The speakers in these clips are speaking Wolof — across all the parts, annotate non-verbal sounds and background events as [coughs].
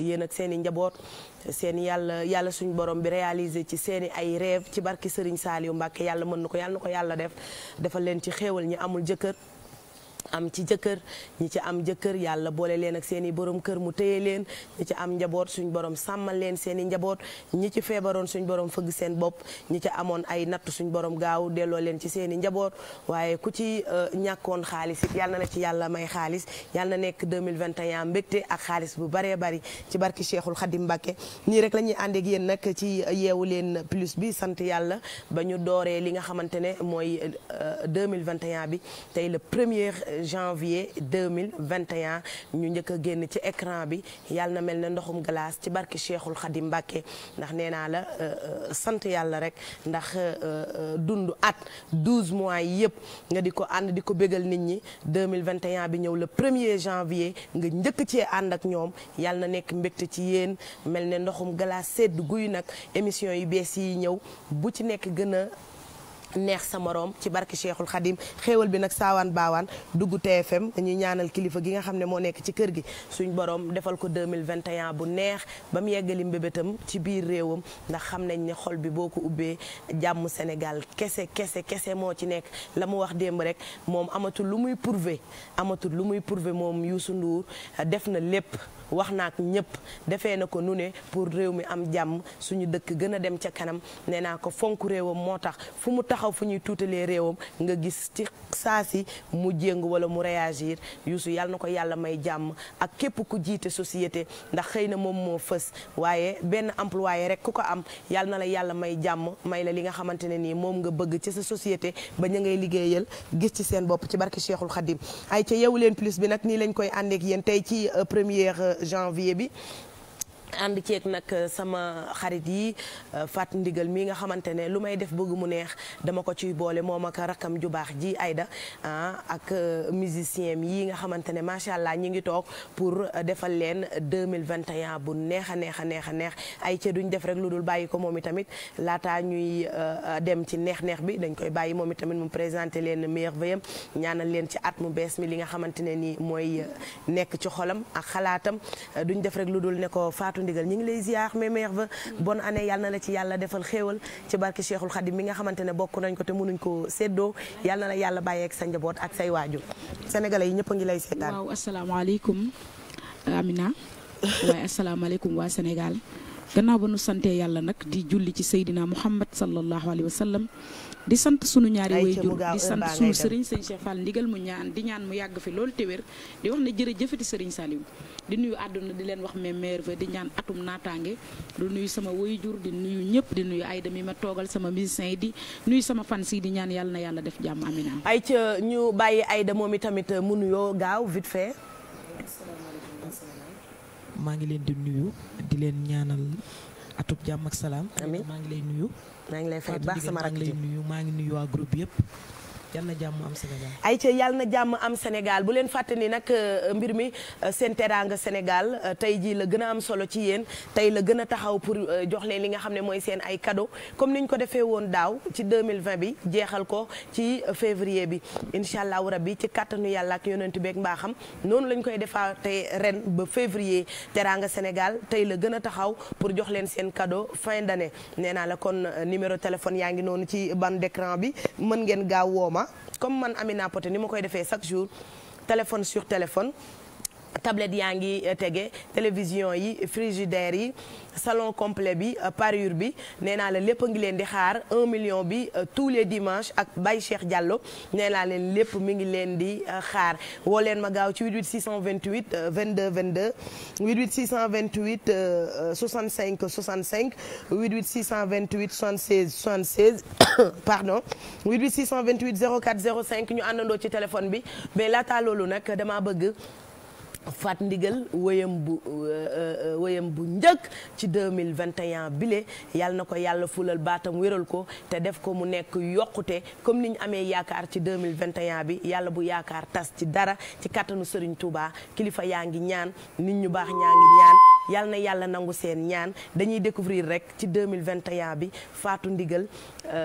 yéen ak seen i njaboot seen yàlla yàlla suñu borom bi réaliser ci seen i ay rêve ci barki Serigne Saliou Mbacke yàlla mën na ko yàlla na ko yàlla def defal leen ci xéewal ñi amul jëkkër am ci jëkkër ñi ci am jëkkër yàlla boole leen ak seen i borom kër mu téye leen ñi ci am njaboot suñ borom sàmmal leen seen i njaboot ñi ci feebaroon suñ borom fëgg seen bopp ñi ci amoon ay natt suñ borom gaaw delloo leen ci seen i njaboot waaye ku ci euh, ñàkkoon xaalis it yàlla na ci yàlla may xaalis yàlla na nekk 2021 mbégte ak xaalis bu baree bari ci barki Cheikhul Khadim Mbacké nii rek lañuy ñuy ànd ak yéen nag ci euh, yeewu leen plus bi sant yàlla ba ñu dooree li nga xamante ne mooy 2021 euh, bi tey le premier janvier 2021 ñu njëkk génn ci écran bi yàlla na mel ne ndoxum glace ci barki Cheikhul Khadim Mbacke ndax nee naa la euh, euh, sant yàlla rek ndax euh, dund at 12 mois yi yëpp nga di ko ànd di ko bëggal nit ñi 2021 bi ñëw la premier janvier nga njëkk cee ànd ak ñoom yàlla na nekk mbégte ci yéen mel ne ndoxum glace sedd guy nag émission yu bees yi ñëw bu ci nekk gën neex sa moroom ci barki Cheikhul Khadim xéewal bi nag saawaan baawaan dugg TFM dañuy ñaanal kilifa gi nga xam ne moo nekk ci kër gi suñ borom defal ko 2021 bu neex ba mu yeggali mbébétam ci biir réewam ndax xam nañ ne xol bi boo ko ubbee jàmm Sénégal kese kese kese moo ci nekk la mu wax démb rek moom amatul lu muy prouver amatul lu muy prouver moom Youssou Ndour def na lépp wax naak ñëpp defee na ko nu ne pour réew mi am jàmm suñu dëkk gën a dem ca kanam nee naa ko fonk réewam moo tax fu mu taxaw fu ñuy tuutalee réewam nga gis ci saa si mu jéng wala mu réagir Youssou yàlla na ko yàlla may jàmm ak képp ku jiite société ndax xëy na moom moo fës waaye benn employé rek ku ko am yàlla na la yàlla may jàmm may la li nga xamante ne nii moom nga bëgg ci sa société ba ñu ngay liggéeyal gis ci seen bopp ci barki Cheikhul Khadim ay ca yeewu leen plus bi nag nii lañ koy àndeek yéen tey ci euh, première euh, janvier bi ànd ceeg nag euh, sama xarit yi euh, Fat Ndigal mi nga xamante ne lu may def bëgg mu neex dama ko ciy boole moom ak rakam ju baax ji Aïda ah, ak euh, musicien yi nga xamante ne macha allah ñi ngi toog pour defal leen 2021 bu neex a neex a neex a neex ay ca duñ def rek lu dul bàyyi ko moom itamit laataa ñuy dem ci neex-neex bi dañ koy bàyyi moom itamit mu présenté leen merveille ñaanal leen ci at mu bees mi li nga xamante ne nii mooy nekk ci xolam ak xalaatam duñ def rek lu dul ne Fatou Ndigal ñu ngi lay ziar mes meilleurs vœux bonne année yal na la ci yàlla defal xéewal ci barke Cheikhul Khadim mi nga xamante ne bokk nañ ko te mënuñ ko séddoo yal na la yàlla bàyyeek sa njaboot ak say waajur sénégalais yi ñëpp a ngi lay seetaan. waaw asalaamaaleykum Amina waaye asalaamaaleykum waa senegal gannaaw ba nu sante yàlla nag di julli ci Seydina Muhammad sallallahu alayhi wa sallam di sant sunu ñaari waajur di sant sunu sëriñ sëñ Cheikh fan ndigal mu ñaan di ñaan mu yàgg fi loolu te wér di wax ne jërëjëfati sëriñ Saliou di nuyu àdduna di leen wax mes merveilles di ñaan atum naataange di nuyu sama waajur di nuyu ñëpp di nuyu Aïda mi ma toogal sama musicien di nuyu sama fan si di ñaan yàlla na yàlla def jàmm amina ay ca ñu bàyyi Aïda moom itamit mu nuyoo gaaw vite fait maa ngi leen di nuyu di leen ñaanal atub jàmm ak salaam. amiin maa ngi lay nuyu. maa ngi lay fay baax sama rakk ji maa lay nuyu maa ngi nuyu waa groupe yëpp. yal na jàmm ay ca yal na jàmm am Sénégal bu leen fàtte ni nag euh, mbir mi euh, seen teraanga Sénégal euh, tey jii la gën a am solo ci yéen tey la gën a taxaw pour jox leen li nga xam ne mooy seen ay cadeau comme ni ko defee woon daaw ci 2020 bi jeexal ko ci février bi incha allah rabi ci kàttanu yàlla ak yonent beeg mbaaxam noonu lañ koy defaatee ren ba février teraanga Sénégal tey la gën a taxaw pour jox leen seen cadeau fin d'année nee naa la kon numéro téléphone yaa ngi noonu ci ban d'écran bi mën ngeen gaaw wooma comme man Amina Poté ni ma koy defee chaque jour téléphone sur téléphone tablette yaa ngi euh, tege télévision yi frigidaire yi salon complet bi euh, parure bi nee naa leen lépp ngi leen di xaar un million bi euh, tous les dimanches ak bay Cheikh Diallo nee naa leen lépp mu ngi leen di xaar woo leen ma gaaw ci 88 628 22 22 88 628 65 65 88 628 76 76 pardon 88 628 04 05 ñu àndandoo ci téléphone bi mais laata loolu nag dama bëgg Fat Ndigal wéyam bu euh, euh, euh, wéyam bu njëkk ci 2021 bile yal na ko yàlla fulal baatam wéral ko te def ko mu nekk yokkute comme ni ñu amee yaakaar ci 2021 bi yàlla bu yaakaar tas ci dara ci kattanu Serigne Touba kilifa yaa ngi ñaan nit ñu baax ñaa ngi ñaan yàlla na yàlla nangu seen ñaan dañuy découvrir rek ci mille vingt 2021 bi faatu Ndigal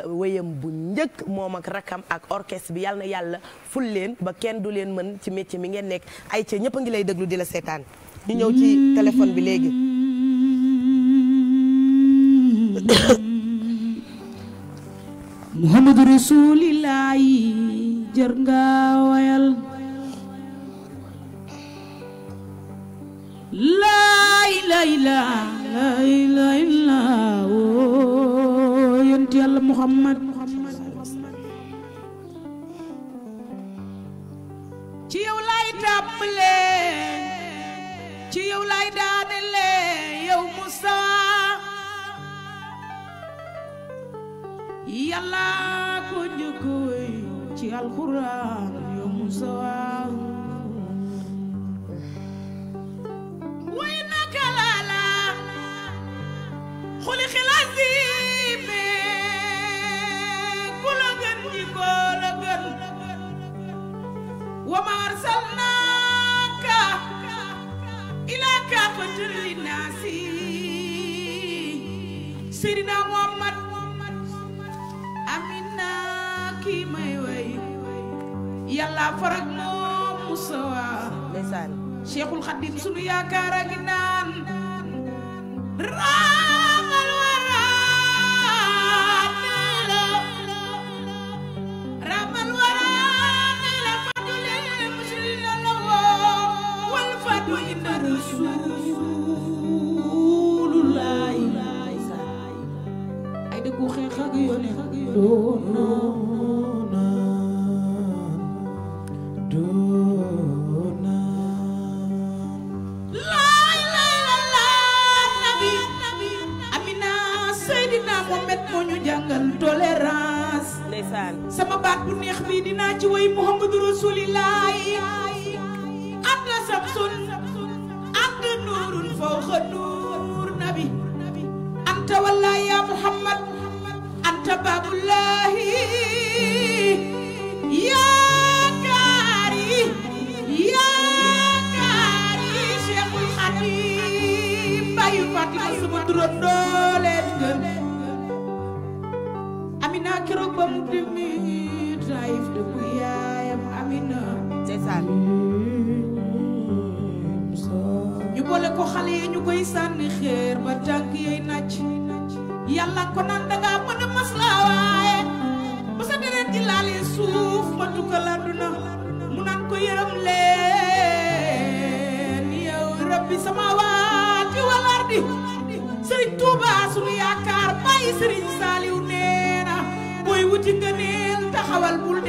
wéyam bu njëkk moom ak rakkam ak orchestre bi yàlla na yàlla ful leen ba kenn du leen mën ci métier mi ngeen nekk ay ca ñëpp a ngi lay dëgg déglu di la seetaan ñu ñëw ci téléphone bi léegi muhammadu rasulillahi jër nga wayal laay laay laay laay muhammad alquran yo musawa laa farag moom musawa ndeysaan Cheikhul Khadim sunu yaakaar a ngi naan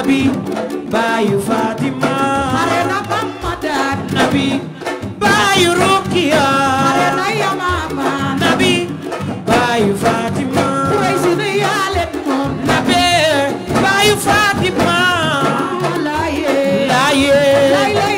nabi baayu Fatima nabi baayu Rukiya nabi baayu Fatima nabi baayu Fatima laaye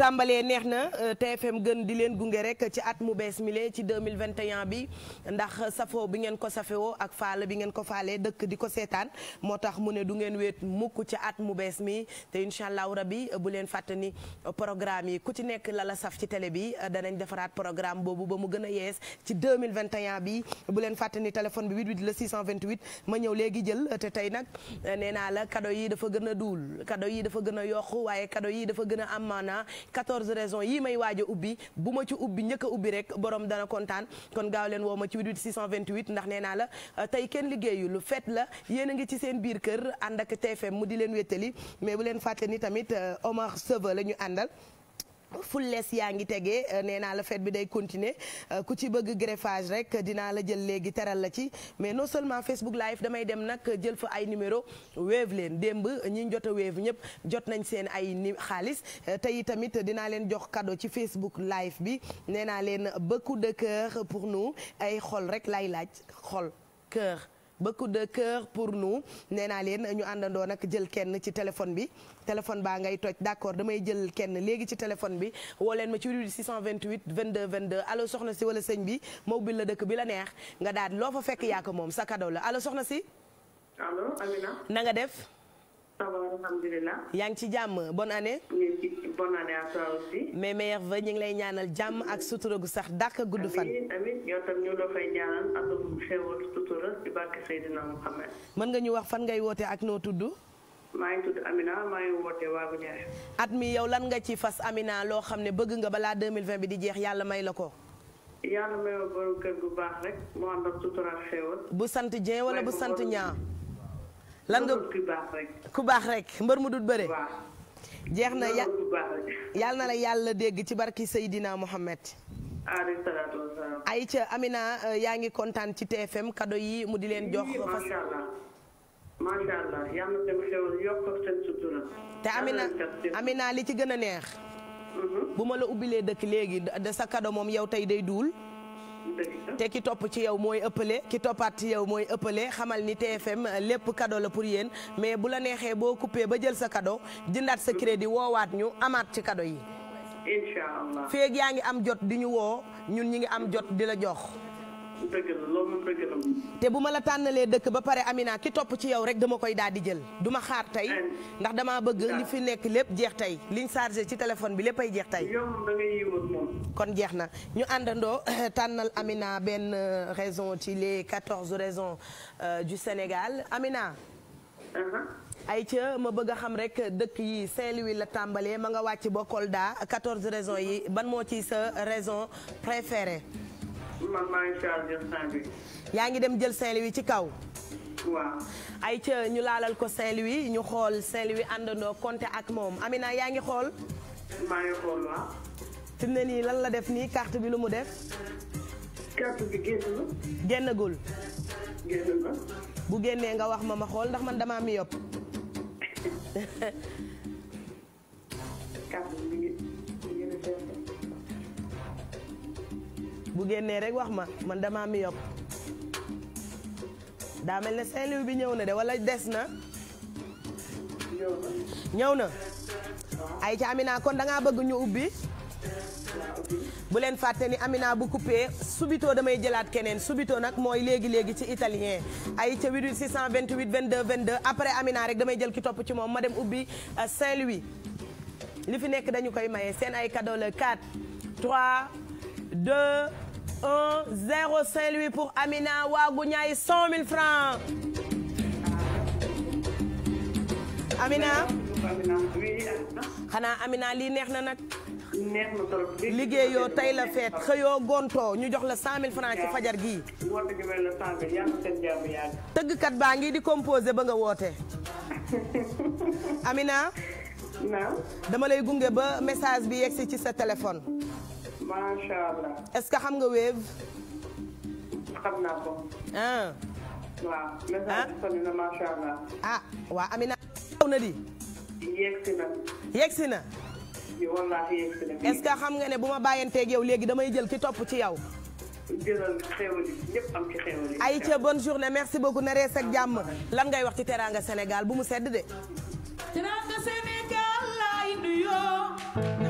tàmbalee neex na euh, TFM gën di leen gunge rek ci at mu bees mi lee ci 2021 bi ndax safoo bi ngeen ko safewoo ak faale bi ngeen ko faalee dëkk di ko seetaan moo tax mu ne du ngeen wéet mukk ci at mu bees mi te incha allahu rabi bu leen fàtte ni programme yi ku ci nekk la la saf ci télé bi danañ defaraat programme boobu ba mu gën a yees ci 2021 bi bu leen fàtte ni téléphone bi 88 la 628 ma ñëw léegi jël te tey nag nee naa la kado yi dafa gën a duul kado yi dafa gën a yokk waaye kado yi dafa gën a am maanaa 14 raisons yii may waaj ubbi bu ma ci ubbi njëkk ubbi rek borom dana kontaan kon gaaw leen woo ma ci w 628 ndax nee naa la tey kenn liggéeyul a ngi ci biir kër ànd ak TFM mu di leen wettali mais bu leen fàtte ni tamit euh, Omar Seve la ñu àndal les yaa ngi tegee euh, nee naa la fête bi day continuer euh, ku ci bëgg greffage rek dinaa la jël léegi teral la ci mais non seulement Facebook live damay dem nag jël fa ay numéro weev leen démb ñi jot a weev ñëpp jot nañ seen ay ni xaalis tey tamit dinaa leen jox cadeau ci Facebook live bi nee naa leen beaucoup de cœur pour nous ay xol rek lay laaj xol cœur beaucoup de pour nous nee naa leen ñu àndandoo nag jël kenn ci téléphone bi téléphone baa ngay toj d'accord damay jël kenn léegi ci téléphone bi woo leen ma ci ruubi 628 22 22 allo soxna si wala sëñ bi mobile la dëkk bi la neex nga daal loo fa fekk yaa moom sa cadeau la allo soxna si. allo Amina. def. ça va alhamdulilah. yaa ngi ci jàmm bonne année. bonne mais meilleurs vœux ñu ngi lay ñaanal jàmm ak sutura gu sax dàq gudd fan. mën nga ñu wax fan ngay woote ak noo tudd. maa ngi tudd Amina maa ngi woote at mi yow lan nga ci fas Amina loo xam ne bëgg nga balaa 2020 bi di jeex yàlla may la ko. yàlla may ma kër gu baax rek mu ànd ak sutura xéwal. bu sant Dieng wala bu sant Niang. lan nga ku baax rek mbër mu dut bëre jeex na yàlla na la yàlla dégg ci barki Seydina Mohamed Aïcha Amina euh, yaa ngi kontaan ci TFM kado yi mu di leen jox macha te Amina Amina li ci gën a neex mhm. bu ma la ubbilee dëkk léegi de sa kado moom yow tey day duul te ki topp ci yow mooy ëppale ki toppaat ci yow mooy ëppale xamal ni TFM lépp kado la pour yéen mais bu la neexee boo kuppee ba jël sa kado jëndaat sa crédit woowaat ñu amaat ci kado yi. incha allah yaa ngi am jot di ñu woo ñun ñi ngi am jot di la jox. te bu ma la tànnalee dëkk ba pare Amina ki topp ci yow rek dama koy daal di jël duma xaar tey ndax damaa bëgg li fi nekk lépp jeex tey liñ chargé ci téléphone bi léppay jeex tey. kon jeex na ñu àndandoo [coughs] tànnal Amina benn euh, raison ci les quatorze raisons euh, du Sénégal Amina. Uh-huh. ayca ma bëgg a xam rek dëkk yi Saint-Louis la tàmbalee ma nga wàcc ba Kolda 14 raison yi ban moo ci sa raison préférée. man ngi yaa ngi dem jël saint wi ci kaw. waaw. ay ca ñu laalal ko saint wi ñu xool saint wi àndandoo compté ak moom Amina yaa ngi xool. maa ngi xool ne nii lan la def nii kart bi lu mu def. carte génnagul. bu génnee nga wax ma ma xool ndax man damaa mi yopp. bu génnee rek wax ma man dama mi yopp daa mel ne Saint-Louis bi ñëw na de wala des na ñëw na ay ca Amina kon da bëgg ñu ubbi bu leen fàtte ni Amina bu coupé subito damay jëlaat keneen subito nag mooy léegi léegi ci italien ay ca 88 628 22 22 après Amina rek damay jël ki topp ci moom ma dem ubbi euh, Saint-Louis li fi nekk dañu koy maye seen ay cadeau le 4 3 1 0 Saint-Louis pour Amina Waagu Ñaay 100 francs. Amina. xanaa Amina lii neex na nag. neex na trop. liggéeyoo tey la feet xëyoo gontoo ñu jox la 100000 francs ci fajar gi mel na tëggkat baa ngi di composé ba nga woote. [laughs] Amina. dama lay gunge ba message bi yegsi ci sa téléphone. macha allah. est-ce que xam nga Wave. xam ko. ah. waa ah. ah, Amina. xaw na di. yegsi na. yegsi est-ce que xam nga ne bu ma bàyyanteeg yow léegi damay jël ki topp ci yow. ay ca bonne journée merci beaucoup na rees jàmm. lan ngay wax ci teraanga Sénégal bu mu sedd de. teraanga Sénégal laay nuyoo.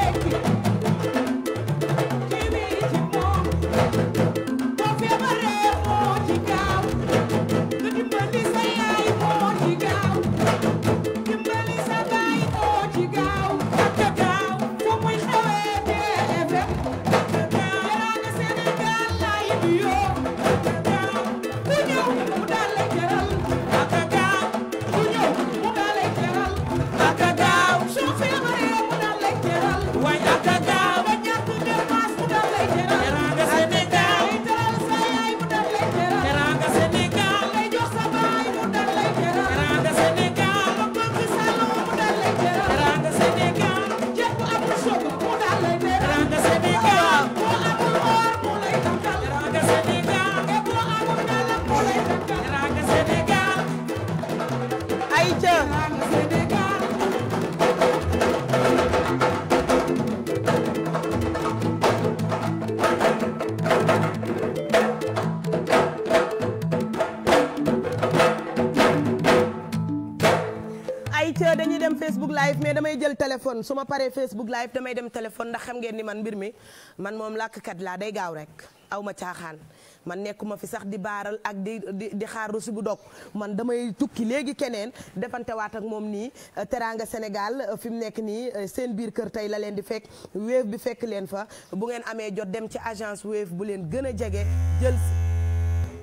damay jël téléphone su ma paree Facebook live damay dem téléphone ndax xam ngeen ni man mbir mi man moom làkkat laa day gaaw rek awma caaxaan. man nekkuma fi sax di baaral ak di di di xaar rusi bu dog man damay tukki léegi keneen defante waat ak moom nii euh, teraanga Sénégal euh, fi mu nekk nii euh, seen biir kër tey la leen di fekk Wave bi fekk leen fa bu ngeen amee jot dem ci agence Wave bu leen gën a jege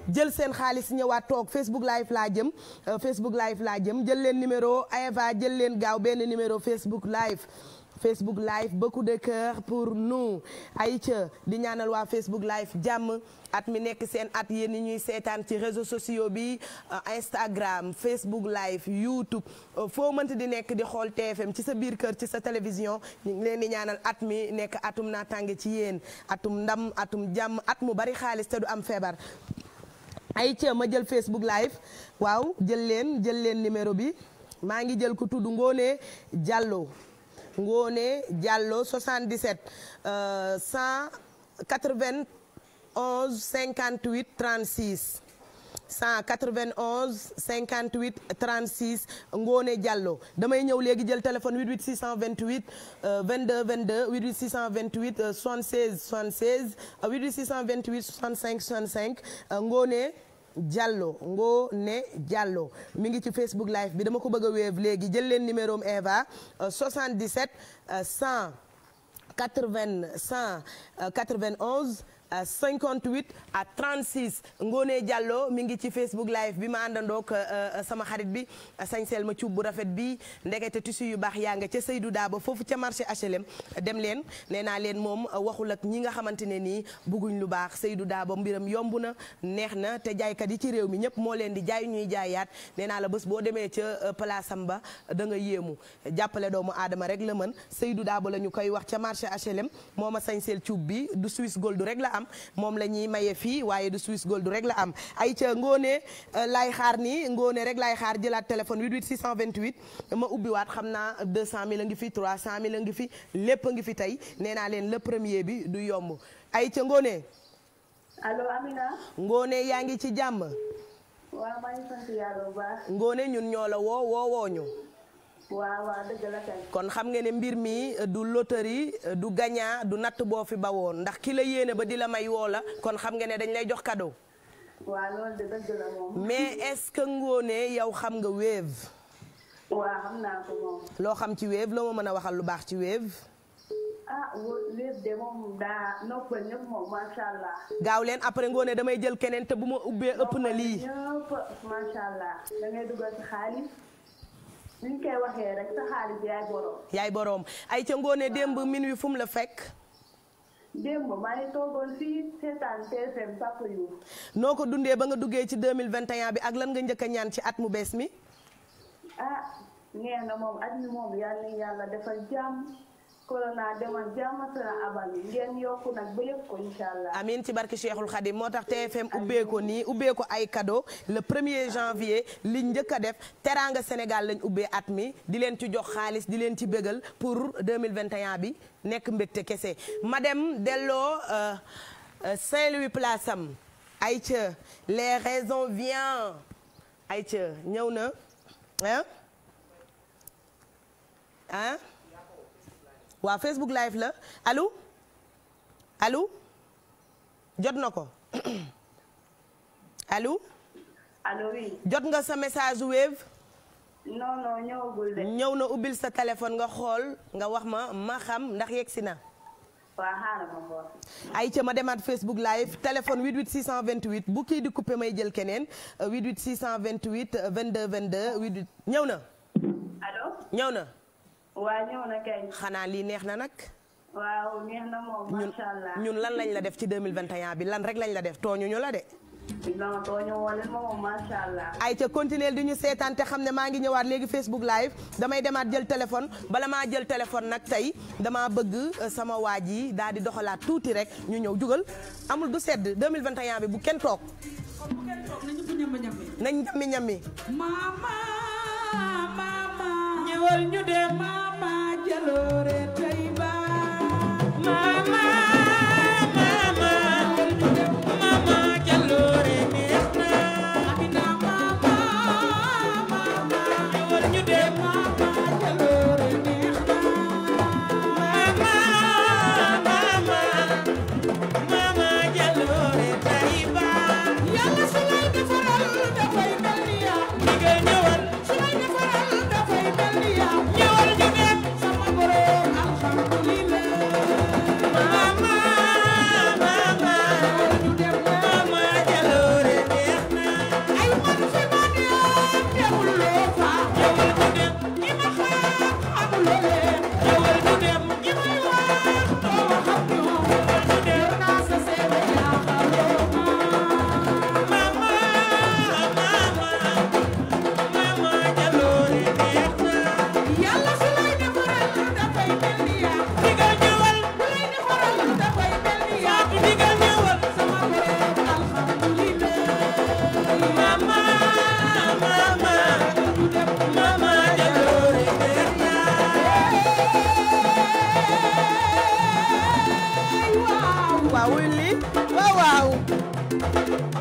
jël seen xaalis ñëwaat toog Facebook live laa jëm euh, Facebook live laa jëm jël leen numéro Aeva jël leen gaaw benn numéro Facebook live Facebook live beaucoup de cœur pour nous Aïcha di ñaanal waa Facebook live jàmm at mi nekk seen at yéen ñi ñuy seetaan ci réseaux sociaux bi euh, Instagram Facebook live YouTube euh, foo mënti di nekk di xool TFM ci sa biir kër ci sa télévision ñu ngi leen di ñaanal at mi nekk atum naataange ci yéen atum ndam atum jàmm at mu bari xaalis te du am feebar. ay ca a jël Facebook live waaw jël leen jël leen numéro bi maa ngi jël ku tudd ngoone Ngone Diallo Ngone Diallo 77 euh, 191 58 36 191 58 36 ngoone Diallo damay ñëw léegi jël téléphone 88 628 euh, 22 22 88 628 euh, 76 76 88 628 65 65 ngoone Diallo Ngoné Diallo mu ngi ci Facebook live bi dama ko bëgg a wéev léegi jël leen numéro am Eva 77 100 80 191 58 à 36 ngoonee jàlloo mi ngi ci Facebook live bi ma àndandook euh, euh, sama xarit bi sañseel ma cuub bu rafet bi ndekete tissu yu baax yaa nga ca Seydou Daba foofu ca marché HLM dem leen nee naa leen moom waxul ak ñi nga xamante ne nii bugguñ lu baax Seydou Daba mbiram yomb na neex na te jaaykat yi ci réew mi ñëpp moo leen di jaay ñuy jaayaat nee naa la bés boo demee ca euh, place ba danga yéemu jàppale doomu aadama rek la mën Seydou daaba la ñu koy wax ca marché HLM moo ma sañseel cuub bi du Suisse moom la ñuy maye fii waaye du Swiss Gold rek la am ay ngoone euh, laay xaar ni ngoone rek laay xaar jëlaat téléphone 88 628 ma ubbiwaat xam naa 200000 a ngi fi 300000 a ngi fi lépp a ngi fi tey nee leen le premier bi du yomb ay ca ngoone ngoone yaa ngi ci jàmm. ngoone ñun ñoo la woo woo woo waaw waaw kon xam nga ne mbir mi euh, du loterie euh, du gagnant du natt boo fi bawoon ndax ki la yéene ba di la may woo la kon xam nga ne dañ lay jox cadeau. waaw loolu mais est-ce que Ngoné yow xam nga Wave. xam naa loo xam ci Wave loo ma mën a waxal lu baax ci Wave. ah noppal gaaw leen après Ngoné damay jël keneen te bu ma ubbee ëpp na lii. ni ñu koy waxee rek sa xaalis yaay boroom. yaay boroom ay ca ngoone démb min wi fu la fekk. démb maa ngi toogoon fii seetaan TFM Papa Youf. noo ko dundee ba nga duggee ci deux mille vingt et bi ak lan nga njëkk a ñaan ci at mu bees mi. ah nee na moom at mi moom yàlla na yàlla defal jàmm. corona demal ci barke Cheikhul Khadim moo tax TFM ubbee nii ubbee ay cadeau le premier janvier li njëkk a def teraanga Sénégal lañ ubbee at mi di leen ci jox xaalis di leen ci bégal pour 2021 bi nekk mbégte kese ma dem delloo euh, euh, Saint-Louis place am ayca les raisons viennent ayca ñëw na ah waa Facebook live la alo allo jot na ko [clears throat] allo. jot nga sa message wave. non non ñëwagul de. ñëw na ubbil sa téléphone nga xool nga wax ma ma xam ndax yegsi na. waaw xaaral ma mbool. ayca ma demaat Facebook live téléphone 88 bu kii di coupé may jël keneen 88 628 22 22 88 ñëw na. allo ñëw na. waa xanaa lii neex na nag. waaw na moom ñun lan lañ la def ci 2021 bi lan rek lañ la def tooñu ñu la de. non tooñu wala moom macha ay ca continuer di ñu seetaan te xam ne maa ngi ñëwaat léegi Facebook live damay demaat jël téléphone bala maa jël téléphone nag tey damaa bëgg euh, sama waa yi daal di doxalaat tuuti rek ñu ñëw jugal amul du sedd 2021 bi bu kenn toog. bu kenn toog nañu ko ñambi ñëwal ñu dem mama jaloore tey ba mama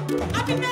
Amina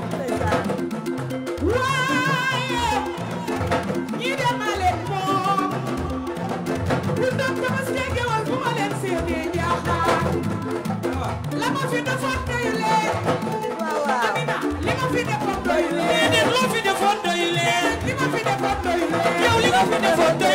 Foto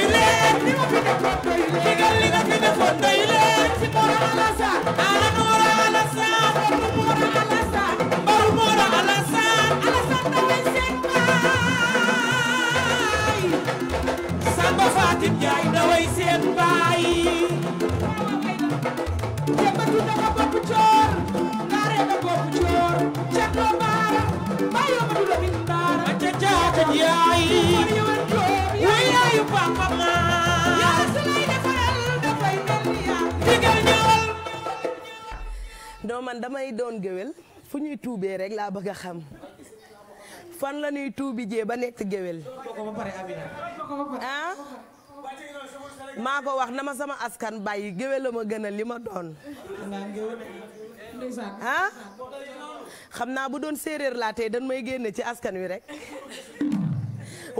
dooman damay doon géwél fu ñuy tuubee rek laa bëgg a xam fan la ñuy tuubi jee ba nekk géwél ah maa ko wax na ma sama askan bàyyi géwél la ma gënal li ma doon ah xam naa bu doon séeréer laa tey dañ may génne ci askan wi rek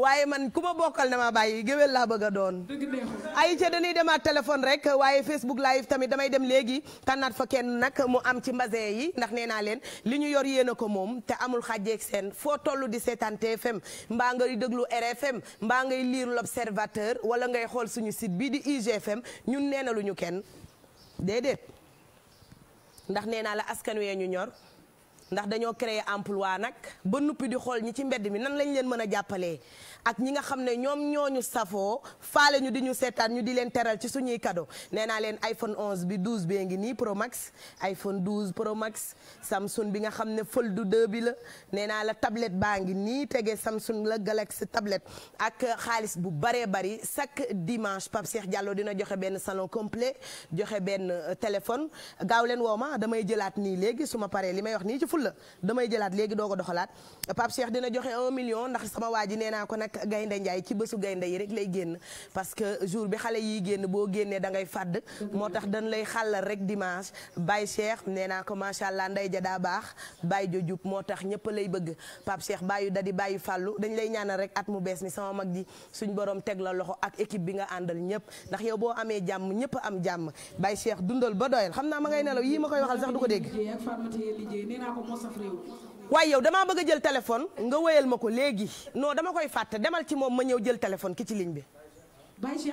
waaye man ku ma bokkal na ma bàyyi géwél laa bëgg a doon ay ca dañuy demaat téléphone rek waaye Facebook live tamit damay dem léegi tànnaat fa kenn nag mu am ci mbasin yi ndax nee naa leen li ñu yor yéen a ko moom te amul xàjjeeg seen foo tollu di seetaan TFM mbaa ngay déglu RFM mbaa ngay lire l'Observateur wala ngay xool suñu sit bii di IGFM ñun nee na lu ñu kenn déedéet ndax nee naa la askan wee ñu ñor ndax dañoo créer emploi nag ba nuppi di xool ñi ci mbedd mi nan lañu leen mën a jàppalee ak ñi nga xam ne ñoom ñoo ñooñu safoo faale ñu di ñu seetaan ñu di leen teral ci suñuy kado nee naa leen iPhone 11 bi 12 bee ngi nii Pro Max iPhone 12 Pro Max Samsung bi nga xam ne Fold du bi la nee naa la tablette baa ngi nii tege Samsung la Galaxy tablet ak xaalis bu baree bari chaque dimanche Pape Cheikh Diallo dina joxe benn salon complet joxe benn euh, téléphone gaaw leen woo ma damay jëlaat nii léegi su ma paree li may wax nii ci fulla damay jëlaat léegi doo ko doxalaat Pape gaynde njaay ci bésu gaynde yi rek lay génn parce que jour bi xale yi génn boo génnee da ngay fàdd moo tax dañ lay xàllal rek dimanche Baye Cheikh nee naa ko macha allah nday ja daa baax Baye jojub moo tax ñëpp lay bëgg pap Cheikh bàyyu da di bàyyi fàllu dañ lay ñaanal rek at mu bees mi sama mag ji suñ borom teg la loxo ak équipe bi nga àndal ñëpp ndax yow boo amee jàmm ñëpp am jàmm Baye Cheikh dundal ba doyal xam naa ma ngay nelaw yii ma koy waxal sax du ko dégg waay yow damaa bëgg a jël téléphone nga wéyal ma ko léegi noo dama koy fàtte demal ci moom ma ñëw jël téléphone ki ci liñ bi. Baye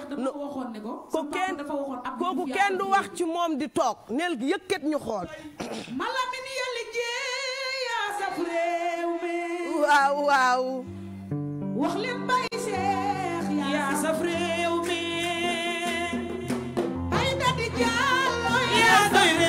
ko. kenn du wax ci moom di toog neel yëkkat ñu xool. [coughs]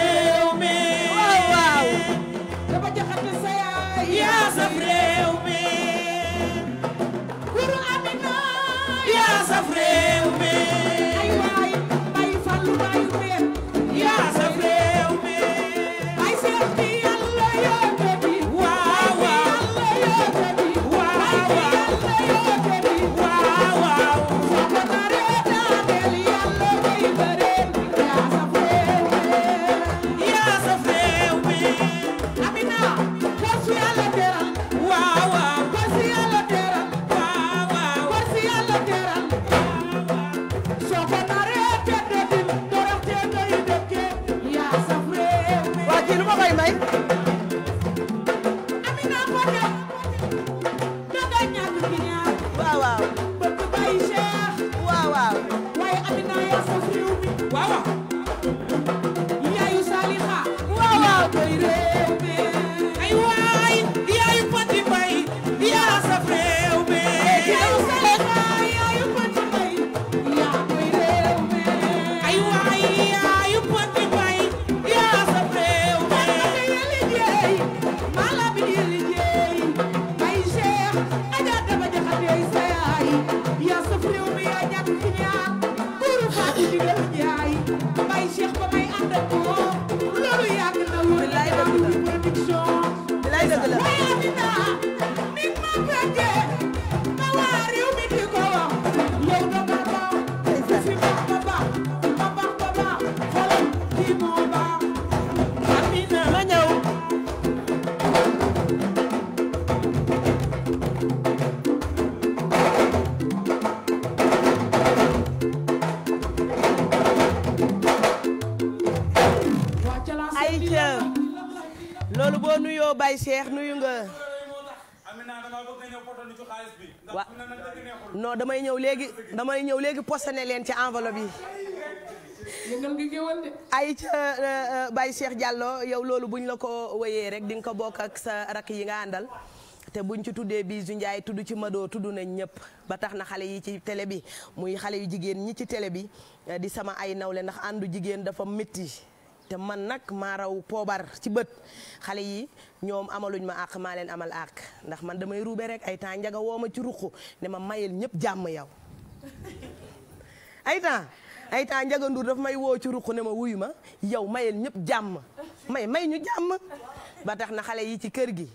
Cheikh nuyu nga. wa non damay ñëw léegi damay ñëw léegi posté ne leen ci enveloppe yi. ay ca euh, euh, Baye Cheikh Diallo yow loolu buñ la ko wéyee rek di nga ko bokk ak sa rakk yi nga àndal. te buñ ci tuddee Bijou Ndiaye tudd ci madoo tudd nañ ñëpp ba tax na xale yi ci tele bi muy xale yu jigéen ñi ci tele bi di sama ay nawle ndax àndu jigéen dafa métti. man nag maa raw poobar ci bët xale yi ñoom amaluñ ma àq maa leen amal àq ndax man damay ruube rek ay temps njaga woo ma ci ruq ne ma mayel ñëpp jàmm yow ay temps ay temps njaga ndur daf may woo ci ruq ne ma wuyu ma yow mayel ñëpp jàmm may may ñu jàmm ba tax na xale yi ci kër gi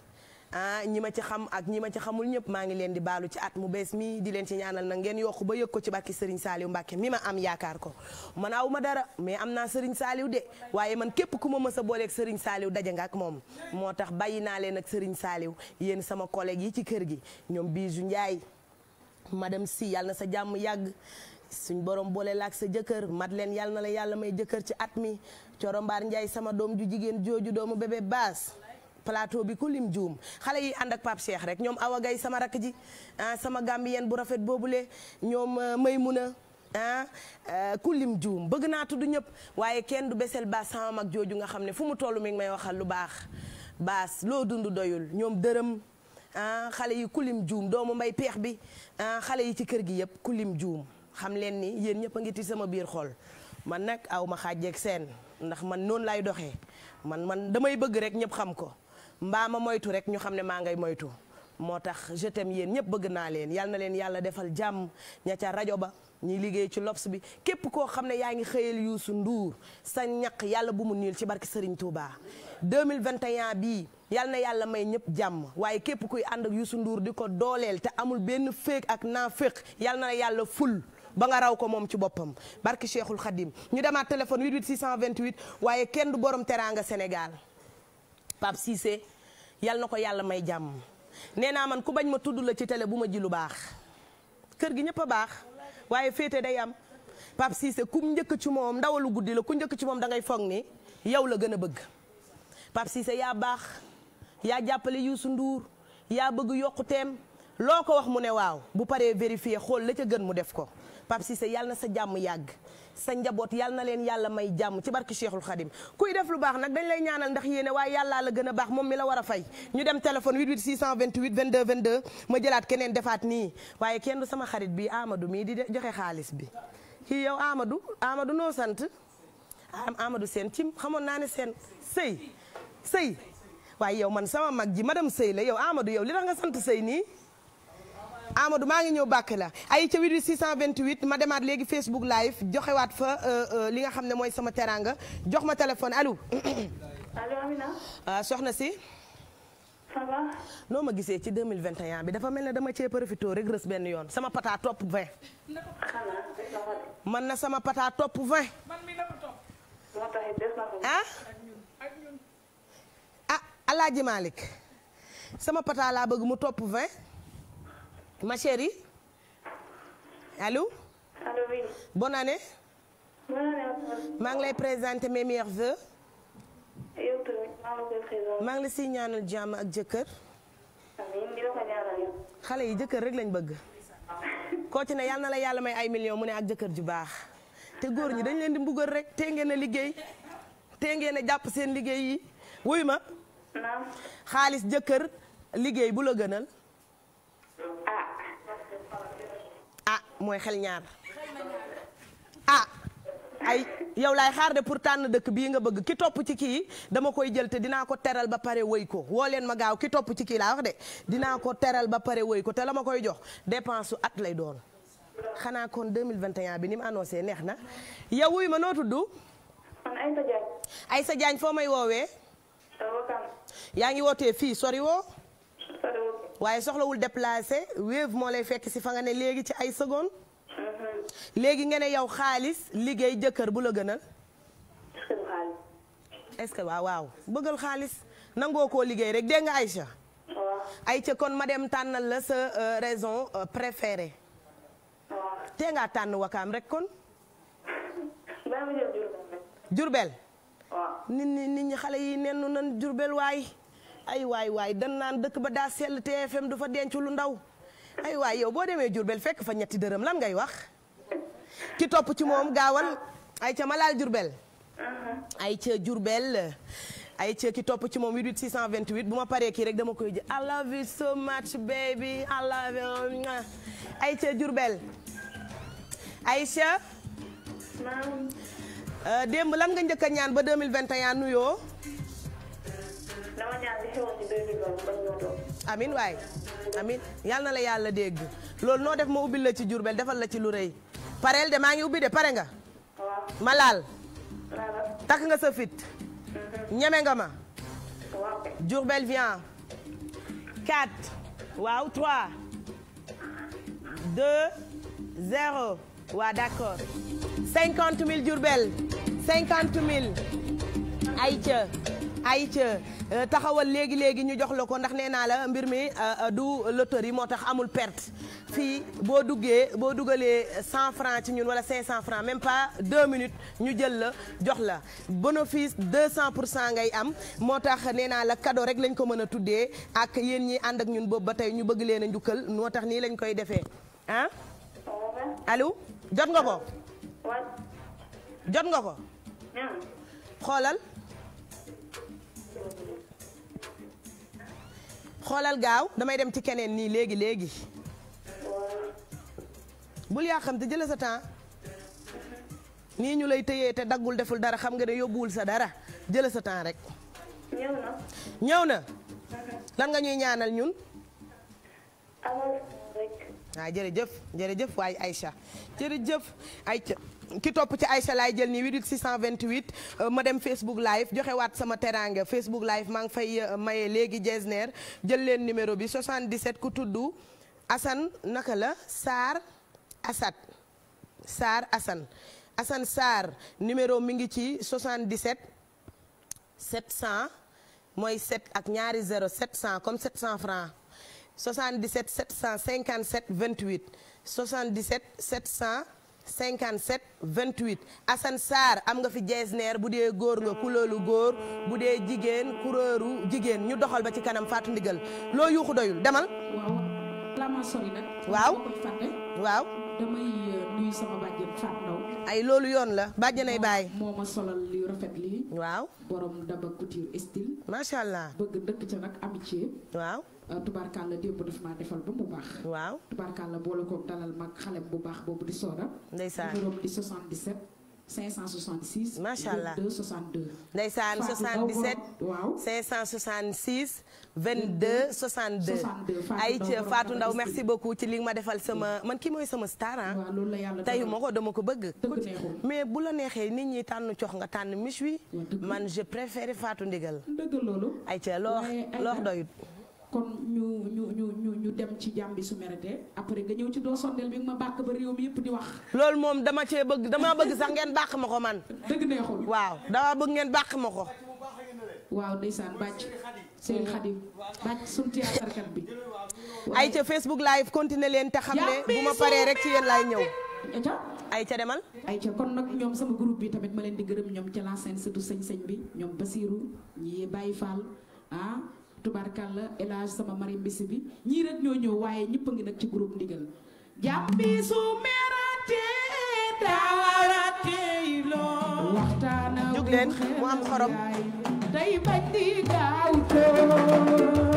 ah ñi ma ci xam ak ñi ma ci xamul ñëpp maa ngi leen di baalu ci at mu bees mii di leen ci ñaanal na ngeen yokk ba yëg ko ci barki sëriñ Saliou Mbacke mi ma am yaakaar ko man aw ma dara mais am naa Serigne saaliw de waaye man képp ku ma mës a booleeg Serigne Saliou daje nga ak moom moo tax bàyyi naa leen ak sëriñ Saliou yéen sama collègue yi ci kër gi ñoom Bijou Ndiaye madame si yàlla sa jàmm yàgg suñ borom boole laak sa jëkkër mat leen yàlla na la yàlla may jëkkër ci at mi Coro Mbaar sama doom ju jigéen jooju doomu bébé baas palaato bi ku lim juum xale yi ànd ak pap Cheikh rek ñoom Awa sama rakk ji ah sama gambien bu rafet boobu boobule ñoom ah, Maymuna ah, ah ku lim juum bëgg naa tudd ñëpp waaye kenn du besel baas sama mag jooju nga xam ne fu mu toll mi ngi may waxal lu baax baas loo dund doyul ñoom dërëm ah, xale yi ku juum doomu mbay peex bi xale yi ci kër gi yëpp ku lim juum xam leen ni yéen ñëpp a ngi ci sama biir xol man nag aw ma xàjjeeg seen ndax man noonu lay doxee man man damay bëgg rek ñëpp xam ko. mbaama moytu rek ñu xam ne maa ngay moytu moo tax je t'aime yéen ñëpp bëgg naa leen yal na leen yàlla defal jàmm ña ca rajo ba ñi liggéey ci lobs bi képp koo xam ne yaa ngi xëyal Youssou nduur sa ñaq yàlla bu mu niil ci barke Serigne Touba 2021 bii yal na yàlla may ñëpp jàmm waaye képp kuy ànd ak Youssou Ndour di ko dooleel te amul benn féeg ak naa naaféq yàlla na yàlla ful ba nga raw ko moom ci boppam barke Cheikhul Khadim ñu demaat téléphone 88 628 waaye kenn du borom teraanga Sénégal Pape Cissé yal na ko yàlla may jàmm nee naa man ku bañ ma tudd la ci tele bu ma ji lu baax kër gi ñëpp a baax waaye féete day am Pape Cissé ku njëkk ci moom ndawalu guddi la ku njëkk ci moom da ngay foog ni yow la gën a bëgg Pape Cissé yaa baax yaa jàppale Youssou nduur yaa bëgg yokkuteem loo ko wax mu ne waaw bu paree vérifier xool la ca gën mu def ko Pape Cissé yàlla sa jàmm yàgg sa njaboot yal na leen yàlla may jàmm ci barki Cheikhul Khadim kuy def lu baax nag dañ lay ñaanal ndax yéene waaye yàllaa la gën a baax moom mi la war a fay ñu dem téléphone 88 628 22 22 ma jëlaat keneen defaat nii waaye kenn du sama xarit bi amadu mii di joxe xaalis bi kii yow amadu amadu noo sant am Amadou seen cim xamoon naa ne seen sëy sëy waaye yow man sama mag ji madame sëy la yow amadu yow li tax nga sant sëy nii Amadou maa ngi ñëw bàkk la ay ca 88628 ma demaat léegi Facebook live joxewaat fa euh, euh, li nga xam ne mooy sama teraanga jox ma téléphone alo [coughs] ah, soxna si. ça noo ma gisee ci 2021 bi dafa mel ne dama cee profité rek rës benn yoon sama pata topp 20. man na sama pata topp 20. ah. ah Alaaji Malick sama pata laa bëgg mu topp 20. ma yi allô. allô maa ngi lay présenté mes meilleurs vœux. ngi la si ñaanal jàmm ak jëkkër. xale yi jëkkër rek lañ bëgg. koo ci ne yal na la yàlla may ay millions mu ne ak jëkkër ju baax. te góor ñi dañ leen di mbugal rek tee ngeen liggéey. tee ngeen a jàpp seen liggéey yi. wuy ma. xaalis jëkkër liggéey bu la gënal. mooy xel ñaar ah ay yow laay xaar de pour tànn dëkk bii nga bëgg ki topp ci kii dama koy jël te dinaa ko teral ba pare way ko woo leen ma gaaw ki topp ci kii laa wax de dinaa ko teral ba pare wëy ko te la ma koy jox dépense su at lay doon xanaa kon 2021 bi ni mu annoncé neex na yow wuy ma noo tudd. man Aïssa Diagne. foo may woowee. yaa ngi wootee fii sori waaye soxlawul déplacé Wave moo lay fekk si fa nga ne léegi ci ay seconde mhm. léegi nga ne yow xaalis liggéey jëkkër bu la gënal. est-ce que waaw waaw bëggal xaalis nangoo koo liggéey rek dégg nga ay Aïcha kon ma dem tànnal la sa euh, raison euh, préférée. te nga tànn wakaam rek kon. Jurbel. nit ñi nit ñi xale yi nennu nan Jurbel waay. ay waay waay dan naan dëkk ba daa sel TFM du fa denc lu ndaw ay waay yow boo demee Jurbel fekk fa ñetti dërëm lan ngay wax ki topp ci moom gaawal ay ca malaal Jurbel uh-huh. ay ca Jurbel ay ca ki topp ci moom 88 628 bu ma paree kii rek dama koy jël I love you so much baby I love you ay ca ay ca euh, démb lan nga njëkk ñaan ba 2021 nuyoo dama ñaan amin waay amin yal na la yàlla dégg loolu noo def ma ubbil la ci Jurbel defal la ci lu rëy pareel de maa ngi ubbi de pare nga. waaw ma laal. takk nga sa fit. Mm-hmm. ñeme nga ma. waaw vient 4 waaw 3 2 0 waaw d'accord 50 000 Diourbel 50 ayca euh, taxawal léegi léegi ñu jox la ko ndax nee naa la mbir mi euh, euh, du loterie moo tax amul perte fii boo duggee boo dugalee 100 francs ci ñun wala 500 francs même pas 2 minutes ñu jël la jox la bénéfice 200 pour cent ngay am moo tax nee naa la cadeau rek lañ ko mën a tuddee ak yéen ñi ànd ak ñun boobu ba tey ñu bëgg leen a njukkal moo tax nii lañ koy defee ah. jot nga ko. jot nga ko. xoolal. xoolal gaaw damay dem ci keneen nii léegi léegi bul yaa xam te jëla sa temps ni ñu lay tëyee te daggul deful dara xam nga ne yóbbuwul sa dara jëla sa temps rek. ñëw na. lan nga ñuy ñaanal ñun. amal rek. waaw jërëjëf jërëjëf waay Aïcha jërëjëf Aïcha. ki topp ci Aïcha laay jël nii 88 628 euh, ma dem Facebook live joxe waat sama teraanga Facebook live maa ngi fay euh, maye léegi Jesner jël leen numéro bi 77 ku tudd Assane naka la Saar Assat Saar Assane Saar numéro mi ngi ci 77 700 mooy 7 ak ñaari 0 700 comme 700 francs 77 757 28 77 700. 57 28 Assane Sarr am nga fi jesner bu dee góor nga kulóolu góor bu dee jigéen kuréeru jigéen ñu doxal ba ci kanam faatu ndigal loo yuuxu doyul demal. waaw. waaw. nuyu sama bàjjen Fat Ndaw loolu yoon la bàjjenay bàyyi. moo ma solal li rafet lii. waaw borom daba couture style. macha allah bëgg dëkk ca nag amitié. waaw. Euh, tubaarkàlla démb daf maa defal bu mu baax. waaw la tubaarkàlla boole koog dalal mag xale bu baax boobu di soora. ndeysaan numéro di 77. 566. macha allah 22 62. ndeysaan 77 waaw 566. 22 62 62. ay Fatou Ndaw merci beaucoup ci li nga ma defal sama man kii mooy sama star ah. waaw loolu la yàlla tey ma ko dama ko bëgg. mais bu la neexee nit ñi tànn cox nga tànn miche man je préfère Fatou Ndigal. dëgg loolu. ay ca loox loox doyut. kon ñu ñu ñu ñu ñu dem ci jàmbi su mérité après nga ñëw ci doo sondeel bi ma bàkk ba réew mi yëpp di wax. loolu moom dama cee bëgg dama bëgg sax ngeen bàkk ma ko man. dëgg neexul waaw dama bëgg ngeen bàkk ma ko. waaw ndeysaan bàcc seen xadim bàcc suñu théâtre kat bi. ay ca Facebook live continuer leen te xam ne bu ma paree rek ci yéen laay ñëw. ayca demal ayca kon nag ñoom sama groupe bi tamit ma leen di gërëm ñoom ca la seen surtout sëñ sëñ bi ñoom Basirou ñi Baye Fall tubarkalla élage sama mari mbisi bi ñii rek ñoo ñëw waaye ñëpp a ngi nag ci groupe ndigal jàppi su merate dawarate loo waxtaana jóg mu am xorom day bañ di gaaw too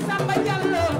Samba Diallo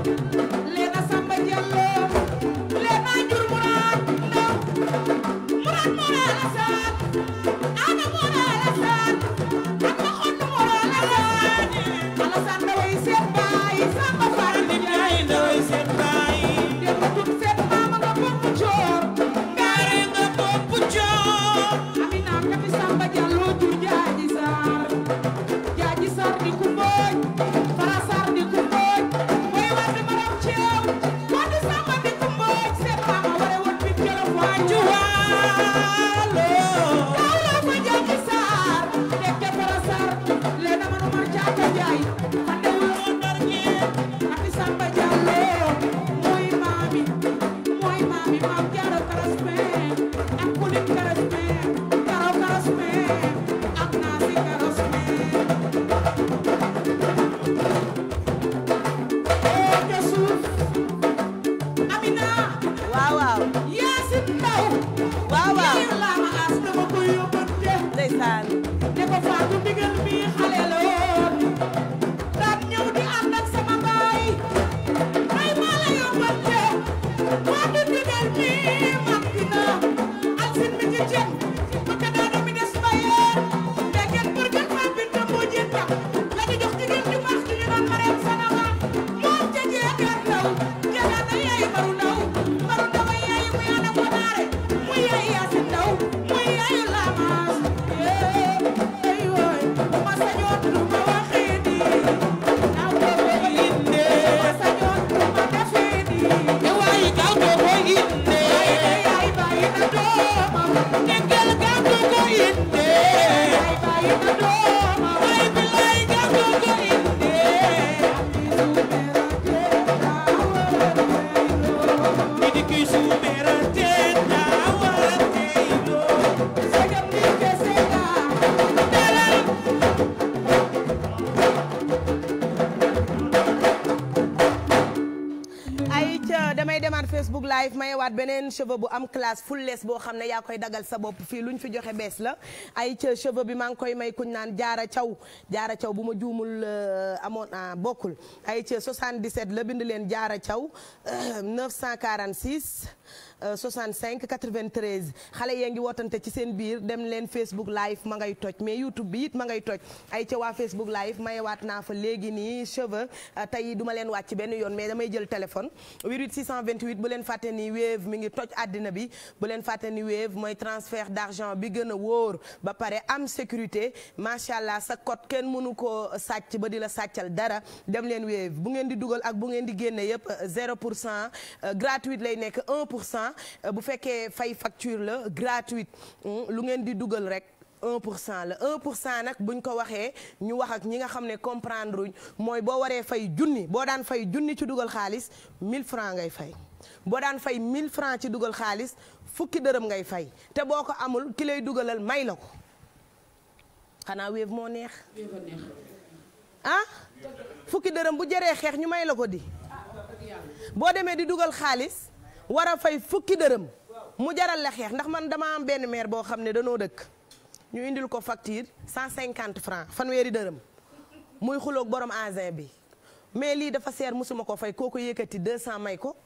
live mayewaat beneen cheveux bu am classe full less boo xam ne yaa koy dagal sa bopp fii ñu fi joxe bees la ay ca cheveux bi maa ngi koy may kuñ naan jaara caw jaara caw bu ma juumul euh, amoon ah, bokkul ay ca 77 la bind leen jaara caw 946 euh, 65 93 xale yaa ngi wootante ci seen biir dem leen Facebook live ma ngay toj mais YouTube bi it ma ngay toj ay ca waa Facebook live mayewaat naa fa léegi nii cheveux ah, tey duma leen wàcc benn yoon mais damay jël téléphone 88 628 bu leen fàtte ni Wave mi ngi toj àddina bi bu leen fàtte ni Wave mooy transfert d'argent bi gën a wóor ba pare am sécurité macha allah sa code kenn mënu koo sàcc ba di la sàccal dara dem leen Wave bu ngeen di dugal ak bu ngeen di génne yëpp 0 pour cent ah, gratuite lay nekk 1 pour cent cent euh, bu fekkee fay facture la gratuite hmm, lu ngeen di dugal rek. un pour cent la 1 pour cent nag buñ ko waxee ñu wax ak ñi nga xam ne comprendre mooy boo waree fay junni boo daan fay junni ci dugal xaalis mille francs ngay fay boo daan fay mille francs ci dugal xaalis fukki dërëm ngay fay te boo ko amul ki dugalal may la ko xanaa wéef moo neex ah fukki dërëm bu jëree xeex ñu may la ko di boo demee di dugal xaalis war a fay fukki dërëm mu jaral la xeex ndax man dama benn maire boo xam ne danoo dëkk ñu indil ko facture cent cinquante francs fanweeri dërëm muy xuloog borom engin bi mais lii dafa seer mosuma ko fay kooku yëkkati deux cent may ko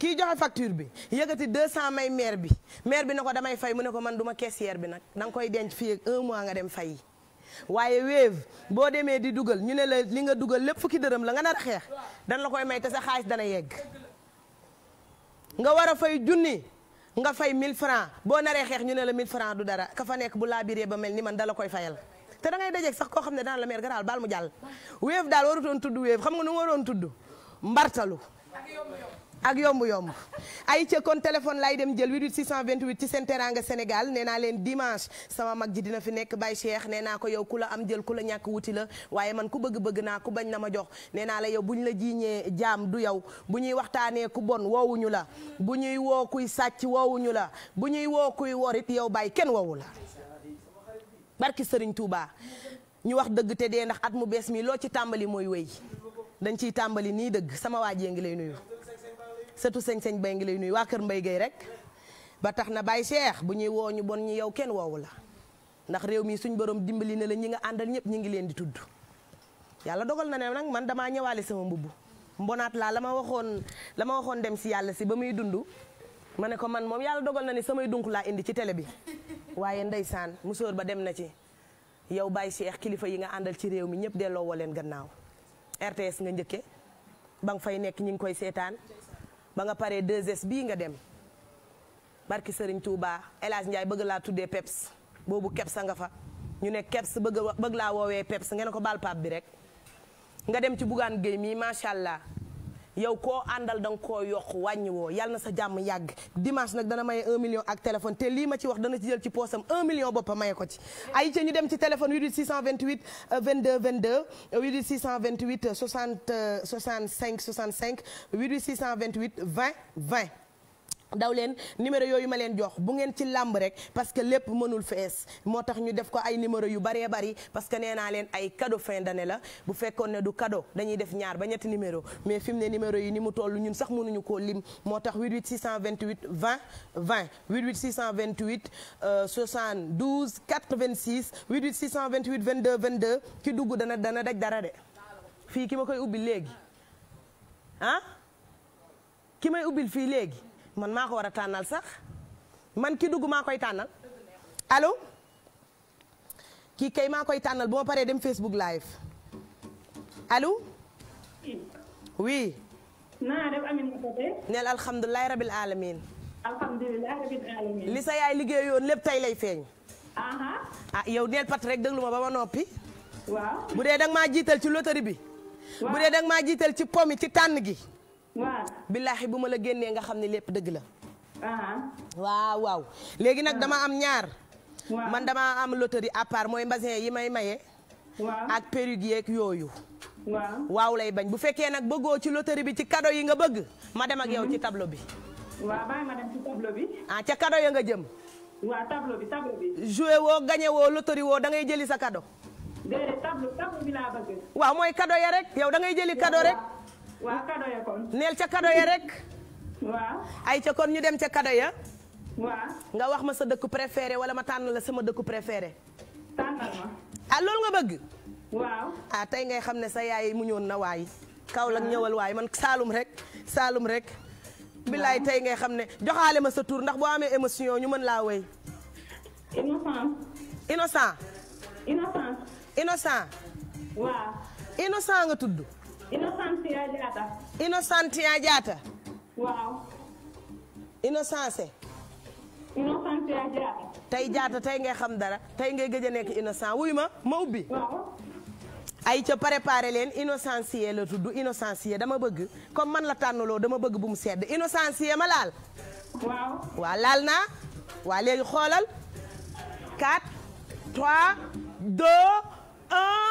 kii joxe facture bi yëkkati 200 may maire bi maire bi ne ko damay fay mu ne ko man duma caissière bi nag danga koy denc fii ak un mois nga dem fay waaye Wave boo demee di dugal ñu ne la li nga dugal lépp fukki dërëm la nga nar xeex dan la koy may te sa xaalis dana yegg nga war a fay junni nga fay 1000 francs boo naree xeex ñu ne la 1000 francs du dara ka fa nekk bu laabiree ba mel ni man dala koy fayal te da ngay dajeeg sax koo xam ne dana la meer garaal baal mu jàll Wave daal warutoon tudd Wave xam nga nu waroon tudd mbartalu ak yomb yomb ay ca kon téléphone lay dem jël 88 628 ci seen teraanga Sénégal nee naa leen dimanche sama mag ji dina fi nekk Baye Cheikh nee naa ko yow ku la am jël ku la ñàkk wuti la waaye man ku bëgg bëgg naa ku bañ na ma jox nee naa la yow bu ñu la jiiñee jaam du yow bu ñuy waxtaanee ku bon woowuñu la bu ñuy woo kuy sàcc woowuñu la bu ñuy woo kuy worit yow Baye kenn woowu la barki sëriñ tuuba ñu wax dëgg te dee ndax at mu bees mii loo ci tàmbali mooy wéy dañ ciy tàmbali nii dëgg sama waa jee ngi lay nuyu. surtout sëñ sëñ Bay ngi lay nuy waa kër Mbay Gay rek ba tax na Baye Cheikh bu ñuy woo ñu bon ñi yow kenn woowu la ndax réew mi suñ borom dimbali na la ñi nga àndal ñëpp ñi ngi leen di tudd yàlla dogal na ne nag man damaa ñëwaale sama mbubb mbonaat laa la ma waxoon la waxoon dem si yàlla si ba muy dund ma ne ko man moom yàlla dogal na ni samay dunk laa indi ci tele bi waaye ndeysaan musóor ba dem na ci yow Baye Cheikh kilifa yi nga àndal ci réew mi ñëpp delloo woo leen gannaaw nga njëkke ba nga koy seetaan ba nga paree 2S bii nga dem barki Serigne Touba El Hadj Ndiaye bëgg laa tuddee peps boobu keps a nga fa ñu ne keps bëgg bëgg laa woowee peps ne ko baal pap bi rek nga dem ci Bougane Gueye mii macha allah yow koo àndal da nga koo yokk wàññi woo yàlla na sa jàmm yàgg dimanche nag dana maye 1 million ak téléphone te lii ma ci wax dana ci jël ci poosam 1 million boppa maye ko ci ay ca ñu dem ci téléphone 88 628 22 22 88 628 60 65 65 88 628 20 20 daw leen numéro yooyu ma leen jox bu ngeen ci làmb rek parce que lépp mënul fees moo tax ñu def ko ay numéro yu baree bari parce que nee naa leen ay cadeau fin d'année la bu fekkoon ne du cadeau dañuy def ñaar ba ñetti numéro mais fi mu ne numéro yi ni mu toll ñun sax mënuñu ko lim moo tax 88 628 20 20 88 628 72 86 88 628 22 22 ki dugg dana dana daj dara de fii ki ma koy ubbi léegi ah ki may ubbil fii léegi. man maa ko war a tànnal sax man ki dugg maa koy tànnal allo kii kay maa koy tànnal boo paree dem Facebook live allo. oui. naa def Aminata neel alhamdulilah rabil alamin li sa yaay liggéeyoon lépp tey lay feeñ. ah yow neel pat rek déglu ma ba ma noppi. waaw bu dee danga maa jiital ci loterie bi. bu dee danga maa jiital ci pomi ci tànn gi. waaw billaahi bu ma la génnee nga xam ni lépp dëgg la. Uh-huh. waaw waaw. léegi nag dama am ñaar. man dama am loterie à part mooy mbasin yi may maye. ak perruque yeeg yooyu. waaw lay bañ bu fekkee nag bëggoo ci loterie bi ci kado yi nga bëgg. ma dem ak yow mm-hmm. ci tableau bi. waaw ci tableau bi. Ah, ca cadeau ya nga jëm. waaw tableau bi tableau woo gagné woo loterie woo da ngay jëli sa cadeau. waaw mooy cadeau ya rek yow da ngay jëli kado rek. waaw kado ya kon. neel ca kado ya rek. waaw. ay ca kon ñu dem ca kado ya. nga wax ma sa dëkku préféré wala ma tànn la sama dëkku préféré. tànnal ma. ah loolu nga bëgg. waaw. ah tey ngay xam ne sa yaay mu ñoon na waay. Kaolack ñëwal waay man Saalum rek Saalum rek. billaay tey ngay xam ne joxaale ma sa tuur ndax boo amee émotion ñu mën laa wéy. innocent. innocent. innocent nga tudd. Innocentia Diatta. Innocentia Diatta. waaw. Innocence. Innocentia Diatta. tey Diatta tey ngay xam dara tey ngay gëj a nekk innocent wuy ma ma ubbi. waaw. préparé leen Innocentia la tudd Innocentia dama bëgg comme man la tànnaloo dama bëgg bu mu sedd Innocentia ma laal. waa laal naa. waa léegi xoolal. 4 3 2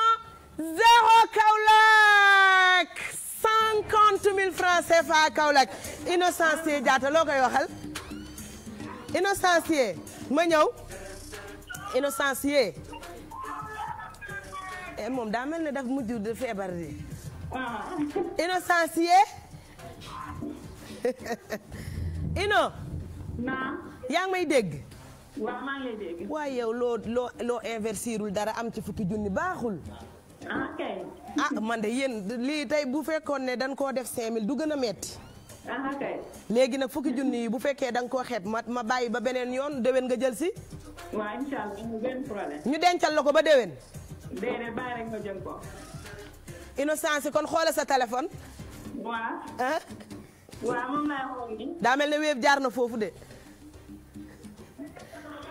zéro Kaolack cinquante mille francs CFA Kaolack Innocencie Diatta loo koy waxal Innocencie ma ñëw Innocencie e eh, moom daa mel ne daf mujj di feebar di ah. Innocencie [laughs] ino yaa ngi may dégg waaye yow loo loo loo investirul dara am ci fukki junni baaxul Ah, ah man de yéen lii tey bu fekkoon ne dañ koo def 5000 du gën a metti ah, léegi nag fukki junni yi bu fekkee danga nga koo xeeb ma ma bàyyi ba beneen yoon déwén nga jël si. ñu dencal la ko ba déwén. déedéet bàyyi innocence kon xoola sa téléphone. waaw. ah. waaw daa mel ne wéeb jaar na foofu de.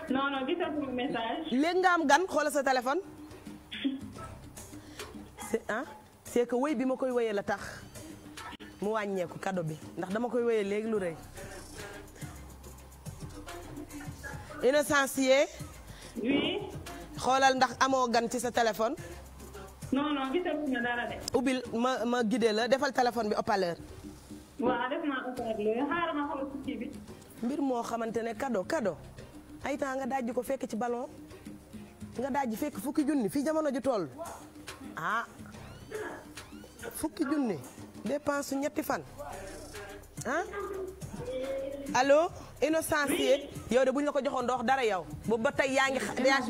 non non gisatuñu message. nga am gan xoola sa téléphone. c'est ah c'est woy bi ma koy woyee la tax mu wàññeeku kado bi ndax dama koy woyee léegi lu rëy Innocencie oui. xoolal ndax amoo gan ci sa téléphone. non ubbil ma ma guidé la defal téléphone bi haut mbir moo xamante ne kado kado ay temps nga dajji ko fekk ci ballon nga dajji fekk fukki junni fii jamono ju toll. ah fukki junni dépense ñetti fan ah allo innocence yéeg yow de bu ñu la ko joxoon doox dara yow boobu ba tey yaa ngi yaa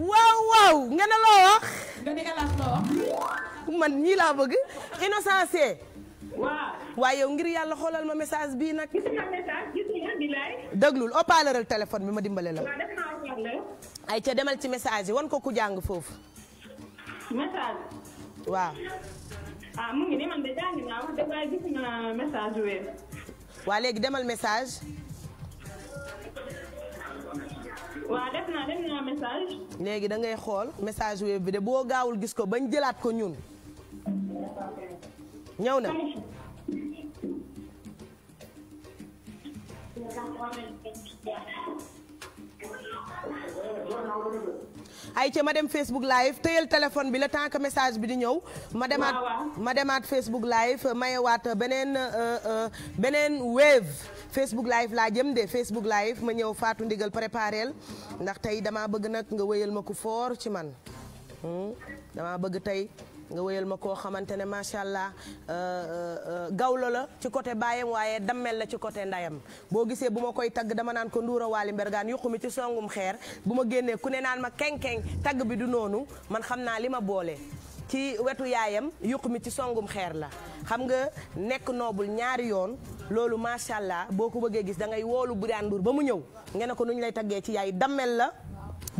waaw waaw nga loo wax man ñii laa bëgg innocence yee waaye ngir yàlla xoolal ma message bii nag déglul opaleral téléphone bi ma dimbale la ay ca demal ci message yi wan ko ku jàng foofu. message. Ah, waa léegi demal message. waa def naa def naa message. léegi da ngay xool message web bi de boo gaawul gis ko bañ jëlaat ko ñun. ñëw na. ay ca ma dem Facebook live tëyal téléphone bi le temps que message bi di ñëw. ma demaat ma demaat Facebook live mayewaat beneen euh, euh, beneen wave Facebook live laa jëm de Facebook live ma ñëw faatu Ndigal préparel ndax tey damaa bëgg nag nga wéyal ma ku foor ci man hmm? damaa bëgg tey. nga wéyal ma koo xamante ne macha allah euh, euh, euh, gawlo la ci côté baayam waaye dammel la ci côté ndayam boo gisee bu ma koy tagg dama naan ko nduura waali mbergaan yuqu mi ci songum xeer bu ma génnee ku ne naan ma kenken keng tagg bi du noonu man xam naa li ma boole ci wetu yaayam yuq mi ci songum xeer la xam nga nekk noobul ñaari yoon loolu macha allah boo ko bëggee gis da ngay woolu Birane Ndour ba mu ñëw nga ne ko nu ñu lay taggee ci yaay dammel la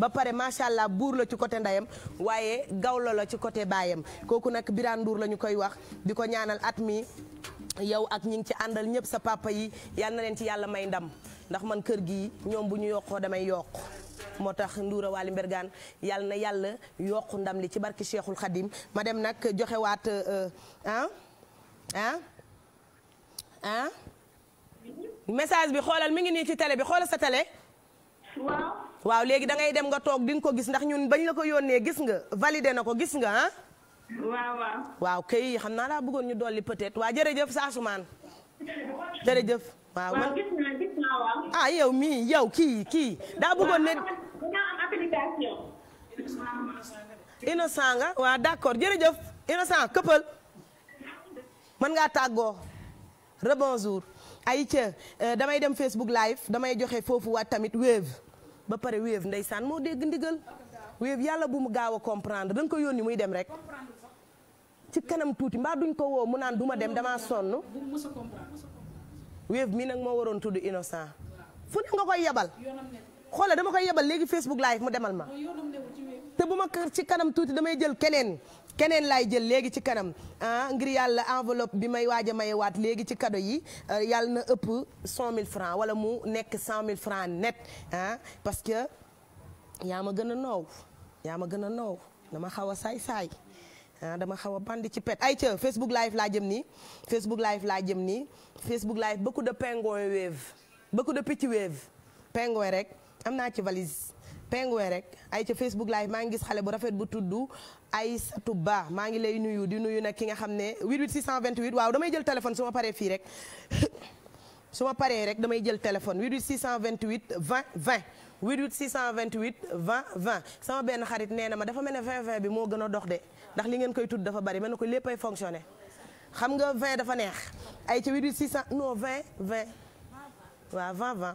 ba pare macha allah buur la ci côté ndeyam waaye gawlo la ci côté baayam kooku nag Birane nduur lañu koy wax di ko ñaanal at mi yow ak ñi ngi ci àndal ñëpp sa papa yi yal na leen ci yàlla may ndam ndax man kër gi ñoom bu ñu yokkoo damay yokk moo tax nduura Waly Mbergane yal na yàlla yokku ndam li ci barki Cheikhul Khadim ma dem nag joxewaat euh, euh, ah ah ah message bi xoolal mu ngi nii ci télé bi xoolal sa télé. waaw. waaw léegi da ngay dem nga toog di nga ko gis ndax ñun bañ la ko yónnee gis nga valide na ko gis nga ah. waaw kay xam naa daa bëggoon ñu dolli peut-être waa jërëjëf saa sumaan [laughs] jërëjëf. waaw ah yow mii yow kii kii daa bëggoon ne. innocent nga waaw d'accord jërëjëf innocent këppal mën ngaa tàggoo rebonjour ay ayca euh, damay dem Facebook live damay joxe foofu waat tamit Wave ba pare Wave ndeysaan moo dégg ndigal Wave yàlla bu mu gaaw a comprendre da ko yoon yónni muy dem rek ci kanam tuuti mbaa duñ ko woo mu naan du ma dem damaa sonn Wave mii nag moo waroon tudd innocent fu ne nga koy yebal xoolal dama koy yebal léegi Facebook live mu demal ma te bu ma kër ci kanam tuuti damay jël keneen keneen laay jël léegi ci kanam ah ngir yàlla enveloppe bi may waaj a waat léegi ci kado yi euh, yàlla na ëpp mille francs wala mu nekk mille francs net ah parce que yaa a gën a noow yaa a gën a noow dama xaw a saay-saay ah, dama xaw a bandi ci pet ay ca Facebook live laa jëm ni Facebook live laa jëm nii Facebook live beaucoup de pingouin wave beaucoup de petits wave pingouin rek am naa ci valise penguin rek ay ca Facebook live maa ngi gis xale bu rafet bu tudd Aïssatou Ba maa ngi lay nuyu di nuyu nag ki nga xam ne 88 628 waaw damay jël téléphone su ma paree fii rek [coughs] su ma paree rek damay jël téléphone 88 628 20 20 88 628 20 20 sama benn xarit nee na ma dafa mel ne 20 20 bi moo gën a dox de ndax li ngeen koy tudd dafa bari mel ko léppay fonctionné xam nga 20 dafa neex ay ca 88 600 non 20 20 waaw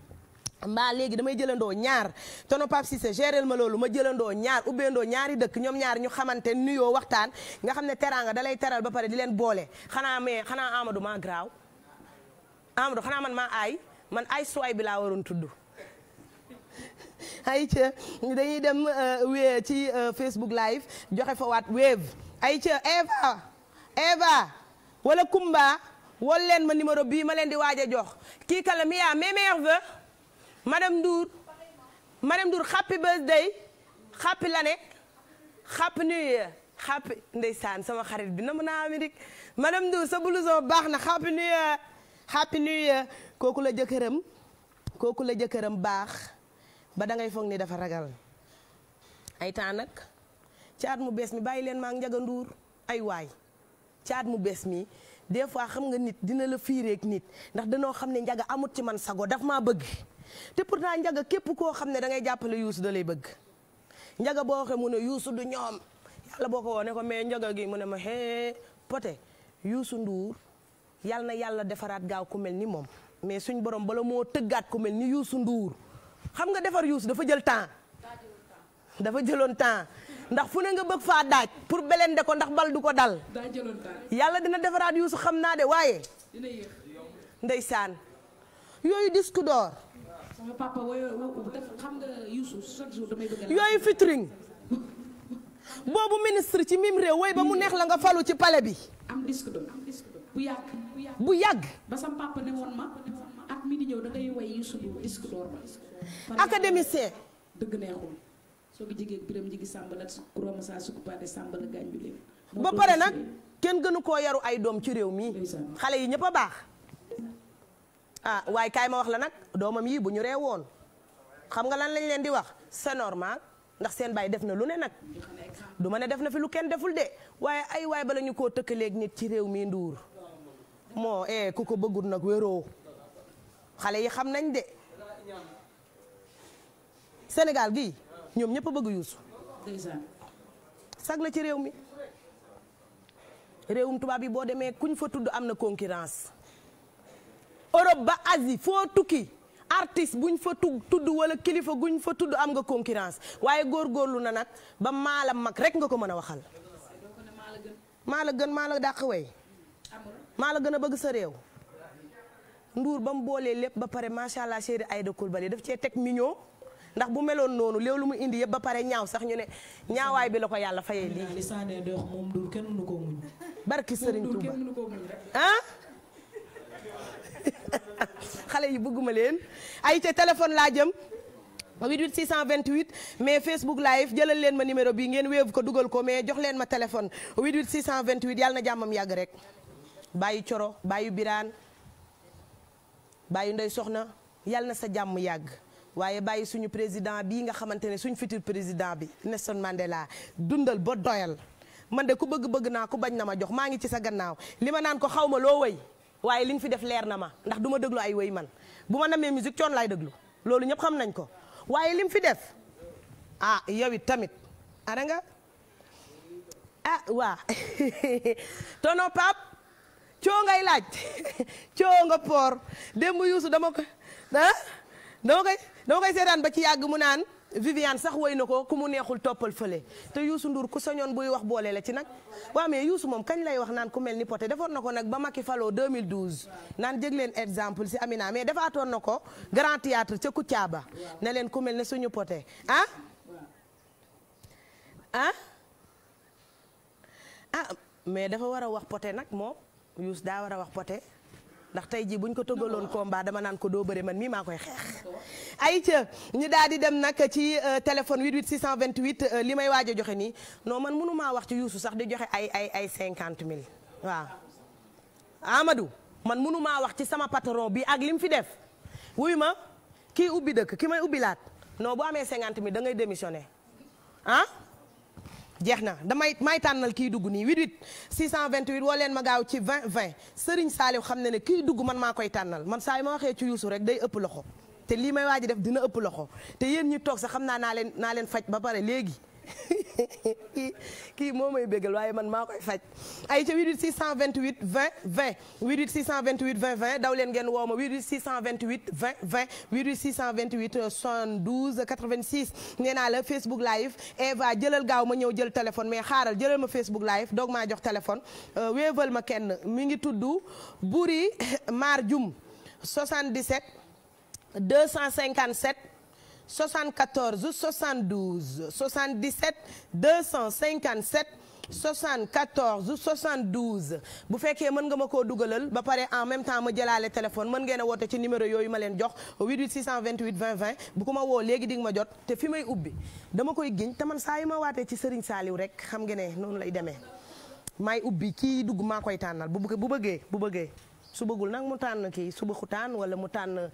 mbaa léegi damay jëlandoo ñaar tono Pape Cissé gérel ma loolu ma jëlandoo ñaar ubbeendoo ñaari dëkk ñoom ñaar ñu xamante nuyoo waxtaan nga xam ne teraanga dalay teral ba pare di leen boole xanaa mais xanaa Amadou maa graaw Amadou xanaa man maa ay man ay suwaay bi laa waroon tudd [laughs] dañuy dem euh, ci euh, Facebook live joxe fa waat wave ayca Eva Eva wala Kumba wol leen ma numéro bii ma leen di waaj a jox kii kala miyaa mes meilleurs madame Ndour madame Ndour happy birthday happy l'année happy new year happy ndeysaan sama xarit bi na mu naa Amérique madame Ndour sa blouson baax na happy new year happy new kooku la jëkkëram kooku la jëkkëram baax ba dangay ngay foog ni dafa ragal ay temps nag ci at mu bees mi bàyyi leen maa ngi Njaga Ndour ay waay ci at mu bees mi des fois xam nga nit dina la fiireek nit ndax danoo xam ne Njaga amut ci man sago dafa maa bëgg te pourtant njaga képp koo xam ne da ngay jàppale yuusu da lay bëgg njaga boo waxee mu ne yuusu du ñoom yàlla boo ko woone ko mais njaga gi mu ne ma hee pote yuusu nduur yàlla na yàlla defaraat gaaw ku mel ni moom mais suñ borom bala moo tëggaat ku mel ni yuusu nduur xam nga defar yuusu dafa jël temps dafa jëloon temps ndax fu ne nga bëgg faa daaj pour beleen de ko ndax bal du ko dal yàlla dina defaraat yuusu xam naa de waaye ndeysaan yooyu disku d'or papa xam nga Youssou chaque jour damay bëgg yooyu featuring boobu ministre ci mim réew woy ba mu neex la nga falu ci pale bi. am disque d'or bu yàgg. bu yàgg. ba sam papa ne woon ma at mi di ñëw da ngay way Youssou Ndour disque dëgg neexul soo ko jigéen biram jigi sàmb la kuréel saa ko paatee sàmb la gaañu leen. ba pare nag kenn gënu koo yaru ay doom ci réew mi. xale yi ñëpp a baax. ah waaye kaay ma wax la nag doomam yii bu ñu ree woon xam nga lan lañ leen di wax c'est normal ndax seen baay def na lu ne nag du ma ne def na fi lu kenn deful de waaye ay waay bala ñu koo tëkkaleeg nit ci réew mi nduur moo eh ku ko bëggul nag wéroo xale yi xam nañ de Sénégal gii ñoom ñëpp a bëgg yuusu sag la ci réew mi réewum tubaab yi boo demee kuñ fa tudd am na concurrence Europe ba Asie foo tukki artiste buñ fa tudd wala kilifa guñ fa tudd am nga concurrence waaye góor góorlu na nag ba maala mag rek nga ko mën a waxal. maa la gën maala la dàq way maa la gën a bëgg sa réew. Ndour ba mu boolee lépp ba pare macha allah chéri Aïda Coulibaly daf cee teg mignon ndax bu meloon noonu léew lu mu indi yëpp ba pare ñaaw sax ñu ne ñaawaay bi la ko yàlla fayee lii. li saa nee barki Sëriñ Tuuba ah. xale yi bugguma leen ay te téléphone laa jëm 88 628 mais Facebook live jëlal leen ma numéro bi ngeen wéev ko dugal ko mais jox leen ma téléphone 88 628 yàlla na jàmmam yàgg rek bàyyi coro bàyyi biraan bàyyi ndoy soxna yàlla na sa jàmm yàgg waaye bàyyi suñu président bii nga xamante ne suñu futur président bi Nelson Mandela dundal ba doyal man de ku bëgg bëgg naa ku bañ na ma jox maa ngi ci sa gannaaw li ma naan ko xaw ma loo wëy waaye li fi def leer na ma ndax du ma déglu ay woy man bu ma namee musique coon laay déglu loolu ñëpp xam nañ ko waaye lim fi def ah yow it tamit ara nga ah waa [laughs] tono pap coo ngay laaj [laughs] coo nga poor démb yuusu dama ko ah dama koy dama koy seetaan ba ci yàgg mu naan Viviane sax way na ko ku mu neexul toppal fële te Youssou Ndour ku sañoon buy wax boole la ci nag waaw mais Youssou moom kañ lay wax naan ku mel ni Poté defoon na ko nag ba Macky faloo 2012 naan jëg leen exemple si Amina mais defaatoon na ko Grand Théâtre ca Koutiaba ne leen ku mel ne suñu Poté ah ah ah mais dafa war a wax Poté nag moom Youssou daa war a wax Poté ndax tey jii bu buñ ko tëggaloon kombaa dama naan ko doo bëre man mii maa koy xeex. ayca ñu daal di dem nag ci euh, téléphone 88 628 euh, li may waaj a joxe nii non man mënu wax ci Youssou sax di joxe ay ay ay 50 000 waaw. Amadou man mënu wax ci sama patron bi ak li mu fi def wuyu ma kii ubbi dëkk ki may ubbi laat non bu amee 50 000 da ngay démissionné ah. jeex na damay may tànnal kiy dugg nii 88 628 woo leen ma gaaw ci 20 20 Serigne Saliou xam ne ne kiy dugg man maa koy tànnal man saa ma waxee ci Youssou rek day ëpp loxo te lii may waaj def dina ëpp loxo te yéen ñi toog sax xam naa naa leen naa leen faj ba pare léegi. [laughs] kii moom may bégal waaye man maa koy faj ay ca 88 628 20 20 88 628 20 20 daw leen ngeen woo ma 88 628 20 20 88 628 72 86 nee naa la Facebook live Eva jëlal gaaw ma ñëw jël téléphone mais xaaral jëlal ma Facebook live doog maa jox téléphone euh, wéeval ma kenn mu ngi tudd Buri Mar Dioum 77 257 74 72 77 257 74 72 bu fekkee mën nga ma koo dugalal ba pare en même temps ma jëlaale téléphone mën ngeen woote ci numéro yooyu ma leen jox 88 628 20 20 bu ko ma woo léegi di ma jot te fi may ubbi dama koy giñ te man saa yu ma waatee ci Serigne Saliou rek xam nga ne noonu lay demee maay ubbi kii dugg maa koy tànnal bu bu bëggee bu bëggee. su bëggul nag mu tànn kii suba ku tànn wala mu tànn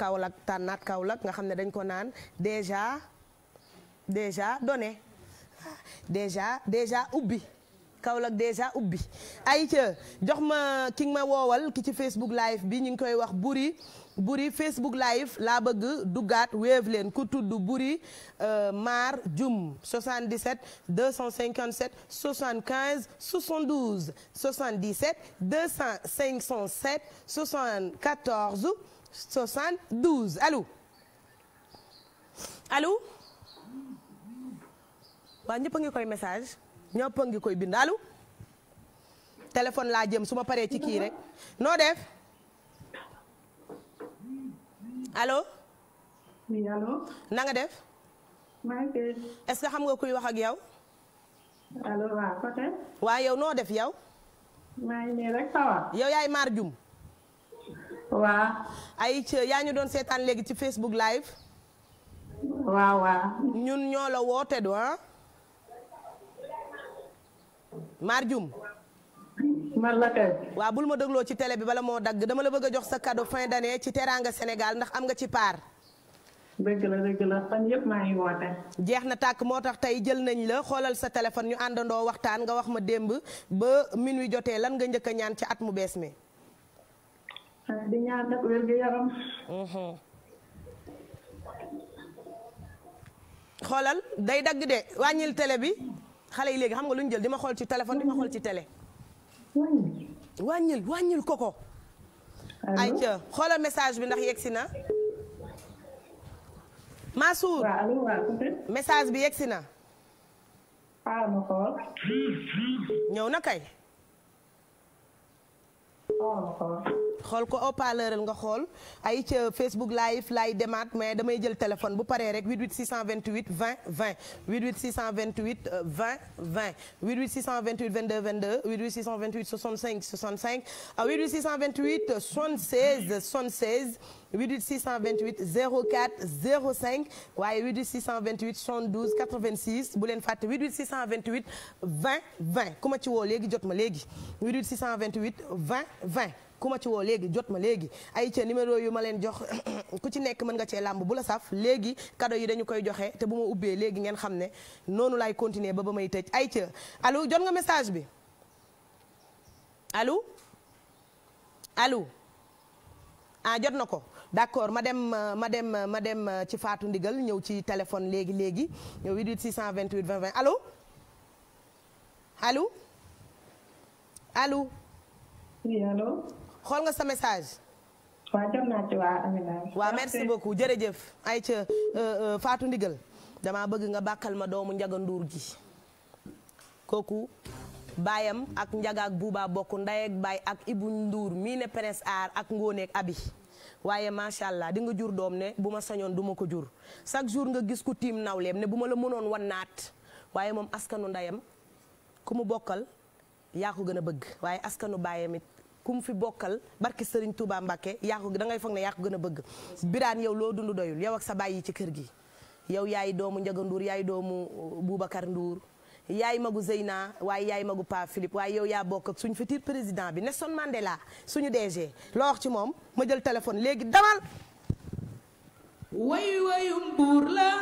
Kaolack tànnaat Kaolack nga xam ne dañ ko naan déjà déjà donné déjà déjà ubbi Kaolack déjà ubbi ay ca jox ma ki nga ma woowal ki ci Facebook live bi ñu ngi koy wax buri buri Facebook live laa bëgg duggaat wéev leen ku tudd buri euh, Mar Dioum 77 257 75 72 77 200 507 74 72 allo allo waaw ñëpp a ngi koy message ñëpp ngi koy bind alo téléphone laa jëm su ma paree ci kii noo def. allo. oui allo. def. maa que xam nga kuy wax ak yow. allo noo def yow. maa yow yaay Mar Dioum. waaw. ay ci yaa ñu doon seetaan léegi ci Facebook live. waaw waaw. ñun ñoo la woote du ah. Mar man la bul ma dégloo ci tele bi bala moo dagg dama la bëgg a jox sa cadeau fin d'année ci teraanga Sénégal ndax am nga ci paar jeex na tàkk moo tax tey jël nañ la xoolal sa téléphone ñu àndandoo waxtaan nga wax ma démb ba minuit jotee lan nga njëkk a ñaan ci at mu bees mi. Ah, di mhm. xoolal day dagg de wàññil télé bi xale yi léegi xam nga lu ñu jël di ma xool ci téléphone di ma xool ci tele wàññil wàññil koko ko. ay ca xoolal message bi ndax yegsi na. Massour message bi yegsi na. Ah, ñëw na kay. Oh, xool ko haut-parleur nga xool ay ca Facebook live laay demaat mais damay jël téléphone bu paree rek 88 628 20 20 88 628 20 20 88 628 22 22 88 628 65 65 88 628 76 76 88 628 04 05 waaye 88 628 72 86 bu leen fàtte 88 628 20 20 ku ma ci woo léegi jot ma léegi 88 628 20 20 ku ma ci woo léegi jot ma léegi ay ca numéro yu ma leen jox [clears throat] ku ci nekk mën nga cee làmb bu la saf léegi kado yi dañu koy joxe te bu ma ubbee léegi ngeen xam ne noonu laay continuer ba ba may tëj ay ca allo jot nga message bi allo allo ah jot na ko d'accord ma dem ma dem ma dem ci faatu ndigal ñëw ci téléphone léegi léegi 88 628 20 20 allo allo. xool nga sa message. waaw waa Amina. waaw merci beaucoup jërëjëf. ayca euh, euh, Fatou Ndigal damaa bëgg nga bàkkal ma doomu Njaga Nduur gi kooku baayam ak Njaga ak Buuba bokk ndey ak baay ak Ibu Nduur mii ne Prince Aar ak Ngóone Abi waaye macha allah di nga jur doom ne bu ma sañoon duma ko jur chaque jour nga gis ku tiim nawleem ne bu ma la mënoon wan naat waaye moom askanu ndeyam ku mu bokkal yaa ko gën a bëgg waaye askanu baayam it ku mu fi bokkal barki Serigne Touba Mbacke yaa ko da ngay foog ne yaa ko gën a bëgg. Birane yow loo dund doyul yow ak sa baay yi ci kër gi. yow yaay doomu Ndiaga Ndour yaay doomu uh, Boubacar nduur yaay magu Zeyna waaye yaay magu Pa Philippe waaye yow yaa bokk ak fi futur président bi Nelson Mandela suñu DG loo ci moom ma jël téléphone léegi damal. way wayum buur la.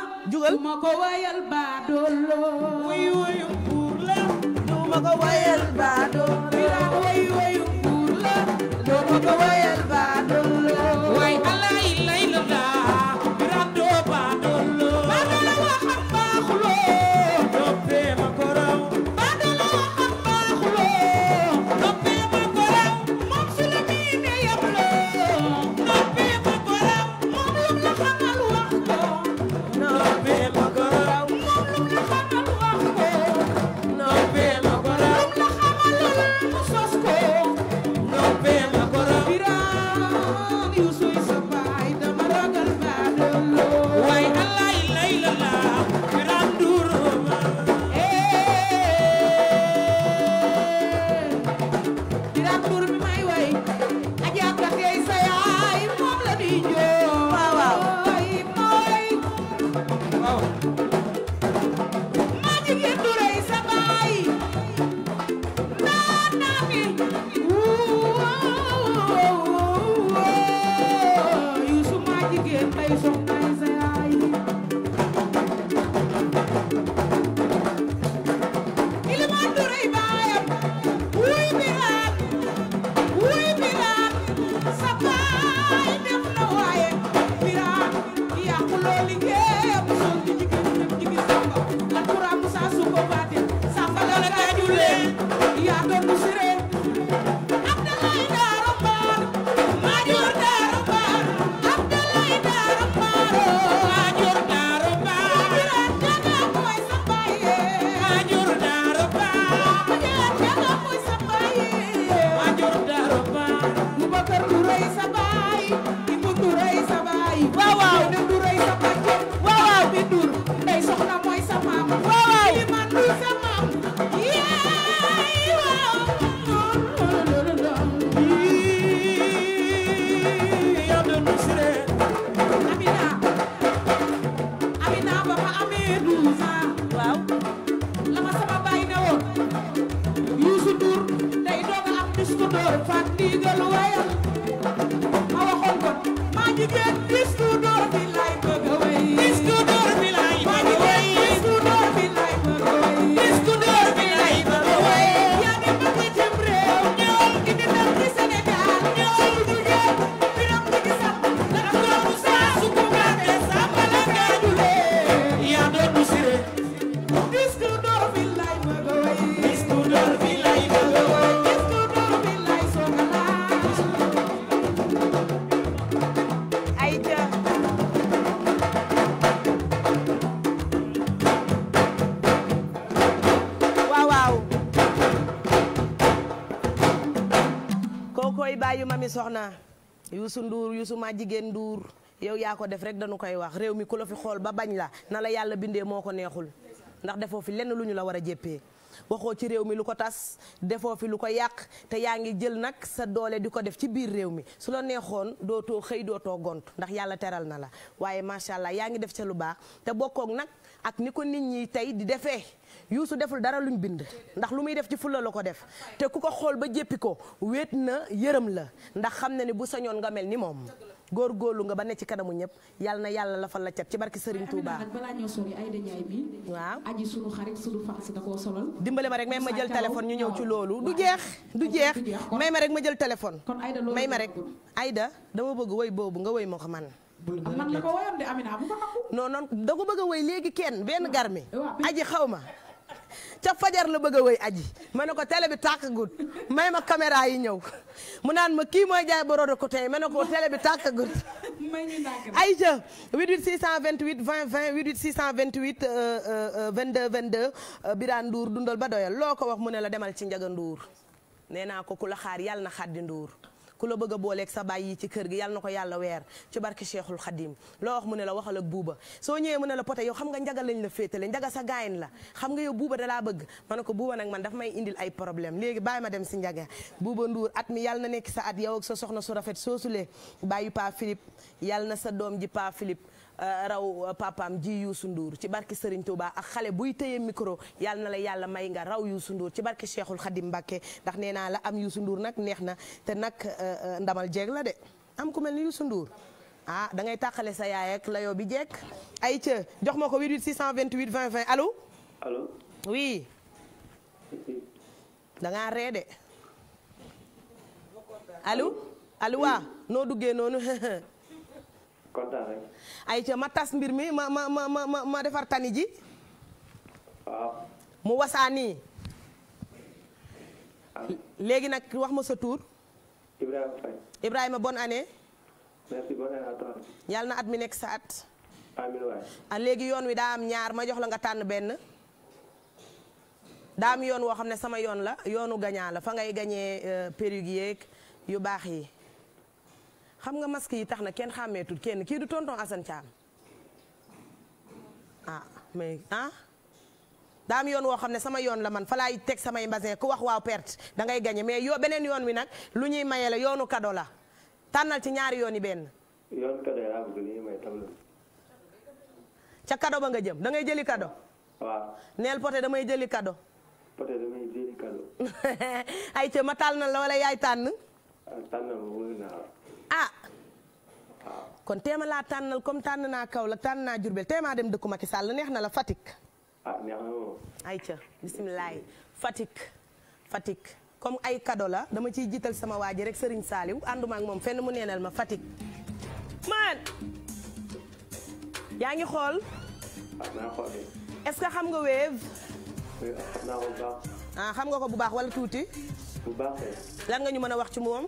ko wayal soxna Youssou nduur Youssou maa jigéen Ndour yow yaa ko def rek dañu koy wax réew mi ku la fi xool ba bañ la na la yàlla bindee moo ko neexul ndax defoo fi lenn lu ñu la war a jéppee waxoo ci réew mi lu ko tas defoo fi lu ko yàq te yaa ngi jël nag sa doole di ko def ci biir réew mi su la neexoon dootoo xëy dootoo gont ndax yàlla teral na la waaye macha allah yaa ngi def ca lu baax te bokkook nag ak ni ko nit ñi tey di defee. Youssou deful dara luñ bind ndax lu muy def ci fulla la ko def te ku ko xool ba jéppi ko wéet na yërëm la ndax xam na ne bu sañoon nga mel ni moom góor góorlu nga ba ne ci kanamu ñëpp yal na yàlla la fa la cab ci barki Serigne Touba. balaa ñoo sori ay dañaay bi. waaw aji sunu xarit sunu fans dimbale ma rek may ma jël téléphone ñu ñëw ci loolu. du jeex du jeex may ma rek ma jël téléphone. kon Aïda loolu may ma rek Aïda dama bëgg woy boobu nga woy ma ko man. man la ko woyoon de Amina bu ko nangu. non da ko bëgg woy léegi kenn benn garmi aji xaw ma. ca fajar la bëgg a wëy aji ma ne ko télé bi tàkkagul may ma caméra yi ñëw mu naan ma kii mooy jaay borode ko tey ma ne ko télé bi tàkkagul ay ja 88 628 20 20 88 628 22 22 Birane Ndour dundal ba doyal loo ko wax mu ne la demal ci Njaga Ndour nee naa ko ku la xaar yàlla na xaddi Ndour ku la bëgg a sa baay yi ci kër gi yàlla na ko yàlla weer ci barke Cheikhul Khadim loo wax mu ne la waxal ak buuba soo ñëwee mu ne la poté yow xam nga njaga lañ la féetale njaga sa gaayin la xam nga yow buuba dalaa bëgg ma ne ko buuba nag man daf may indil ay problème léegi bàyyi ma dem si njaga buuba nduur at mi yàlla na nekk sa at yow ak sa soxna su rafet soo sulee soosulee bàyyi pa Philippe yàlla na sa doom ji pa Philippe Eh, raw eh, papaam ji Youssou nduur ci barke Serigne Touba ak xale buy téye micro yàlla na la yàlla may nga raw Youssou Ndour ci barke Cheikhul Khadim Mbacké ndax nee naa la am Youssou Ndour nag neex na te nag eh, ndamal jeeg la de am ku mel ni Youssou Ndour ah da ngay tàqale sa yaay ak layoo bi jeeg ay ca jox ma ko 88 628 20 20 allo. allo oui. da ngaa ree de allo allo waa noo duggee noonu. [laughs] ay rek. ma tas mbir mi ma ma ma ma ma defar tani ji. waaw. mu wasaani. Ah. léegi nag wax ma sa tuur Ibrahima Faye. Ibrahima bonne année. na at mi nekk sa at. amiin léegi yoon wi daa am ñaar ma jox la nga tànn benn. daa am yoon woo xam ne sama yoon la yoonu gañaa la fa ngay gañee euh, perruque yeeg yu baax yi. xam nga masque yi tax na kenn xàmmeetul kenn kii du tonton Assane Thiam ah mais ah daa yoon woo xam ne sama yoon la man fa laay teg samay mbasin ku wax waaw perte dangay ngay mais yoo beneen yoon wi nag lu ñuy maye la yoonu kado la tànnal ci ñaari yoon yi benn. yoonu kado laa bëgg li may tableau. ca kado ba nga jëm da ngay jëli kado. waaw damay jëli kado. poté damay [laughs] ay la wala yaay tànn. Ah, tànnal ma wóor naa ah kon téema laa tànnal comme tànn naa kaw la tànn naa Jurbel téema dem dëkku Macky Sall neex na la Fatick. ay ah, ca na lool. ayca bisimilah Fatick Fatick comme ay kado la dama ciy jiital sama waa ji rek Serigne Saliou ànduma moom fenn mu neenal ma Fatick. man yaa ngi xool. Ah, est-ce xam nga Wave. Ah, ah xam nga ko bu baax wala tuuti. lan nga ñu mën a wax ci moom.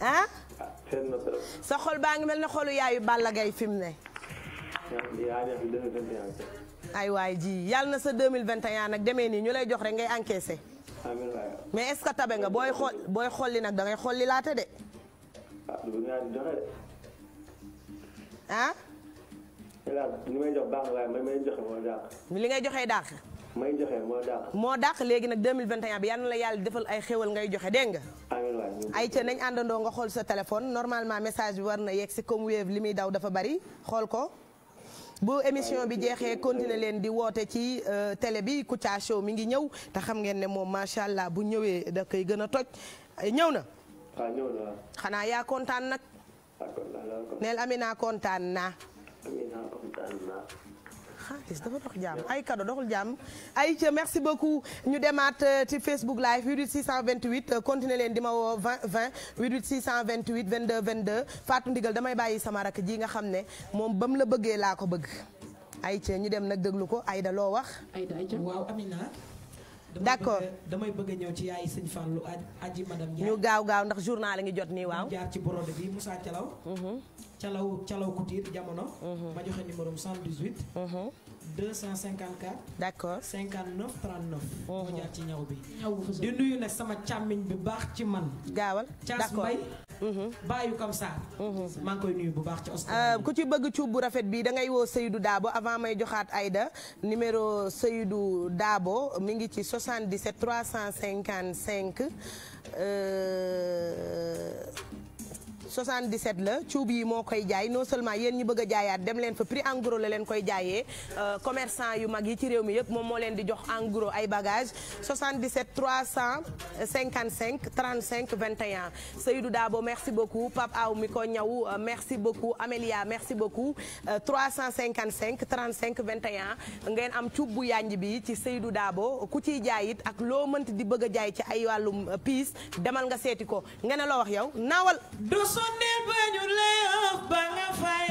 ah sa xol baa ngi mel ne xolu yaayu Balla Gaye fi mu ne ay waay ji yàlla na sa 2021 nag demee nii ñu lay jox rek ngay encaissé mais est-ce que tabe nga booy xool booy xolli nag da ngay xolli laata de ah li may joxe dàq may moo dax moo dàq léegi nag 2021 bi yal la yàlla defal ay xéwal ngay joxe dégg nga. ay ca nañ àndandoo nga xool sa téléphone normalement message bi war na yegg si comme wave li muy daw dafa bari xool ko. bu émission bi jeexee continuer leen di woote ci euh, télé bi Kouthia Show mi ngi ñëw te xam ngeen ne moom macha allah bu ñëwee da koy gën a toj ñëw na. waaw ah, xanaa yaa kontaan nag. Ah, neel Amina naa. Amina kontaan naa. xaalis dafa dox jàmm ay cadeau doxul jàmm ay ca merci beaucoup ñu demaat euh, ci Facebook live 88 628 continuer leen di ma woo 20 20 88 628 22 22 Fatou Ndigal damay bàyyi sama rakk ji nga xam ne moom ba mu la bëggee laa ko bëgg ay ca ñu dem nag déglu ko Aïda loo wax. Aïda waaw d'accord damay bëgg a ñëw ci yaay sëñ Fallu aji madame ñu gaaw gaaw ndax journal a ngi jot nii waaw jaar ci borode bi Moussa Calaw Calaw mhm. Calaw Couture jamono mhm. ma joxe numéro 118 254. d' accord 59 39. moo jaar ci ñaw bi. di nuyu nag sama càmmiñ bu baax ci man. gaawal d' accord Caas Mbay. baayu comme ça. maa ngi koy nuyu bu baax ci euh, ku ci bëgg cuub bu rafet bi dangay woo Seydou daabo avant may joxaat ayda numéro Seydou Dabo mi ngi ci 77 355. Euh... 77 la cuub yi moo koy jaay non seulement yéen ñu bëgg a jaayaat dem leen fa prix en la leen koy jaayee euh, commerçant yu mag yi ci réew mi yëpp moom moo leen di jox en gros ay bagages 77 cinq 35 21 Seydou Dabo merci beaucoup Pape Aw mi ko ñaw euh, merci beaucoup Amélia merci beaucoup 355 35 21 ngeen am cuub bu yanj bi ci Seydou daabo ku ciy jaay it ak loo mënt di bëgg a jaay ci ay wàllum piis demal nga seeti ko nga ne loo wax yow naawal sondeel ba ñu lay wax ba nga fay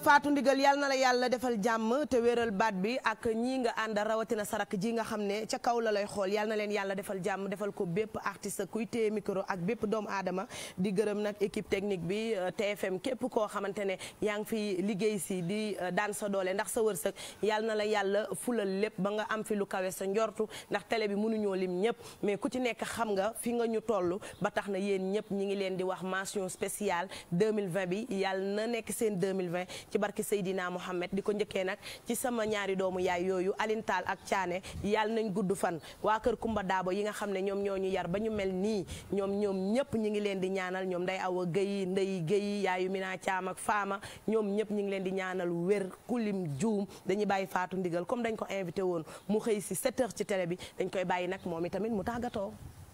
Fatou Ndigal yal na la yàlla defal jàmm te wéral baat bi ak ñii nga àndal rawatina sa sarak ji nga xam ne ca kaw la lay xool yal na leen yàlla defal jàmm defal ko bépp artiste kuy téye micro ak bépp doomu aadama di gërëm nag équipe technique bi euh, TFM képp koo xamante ne yaa ngi fi liggéey si di euh, daan sa doole ndax sa wërsëg yal na la yàlla fulal lépp ba nga am fi lu kawe sa njortu ndax tele bi mënuñoo lim ñëpp mais ku ci nekk xam nga fi nga ñu toll ba tax na yéen ñëpp ñi ngi leen di wax mention spéciale 2020 bi yal na nekk seen 2020. ci barke Seydina Mohamed di ko njëkkee nag ci sama ñaari doomu yaay yooyu alintaal ak caane yàlla nañ gudd fan waa kër Kumba Daabo yi nga xam ne ñoom ñoo ñu yar ba ñu mel nii ñoom ñoom ñëpp ñi ngi leen di ñaanal ñoom day awa Guèye Ndeye Guèye yaayu mi naa ak Faama ñoom ñëpp ñu ngi leen di ñaanal wér kulim juum dañu bàyyi faatu ndigal comme dañ ko invité woon mu xëy si 7 ci télé bi dañ koy bàyyi nag moom itamit mu tàggatoo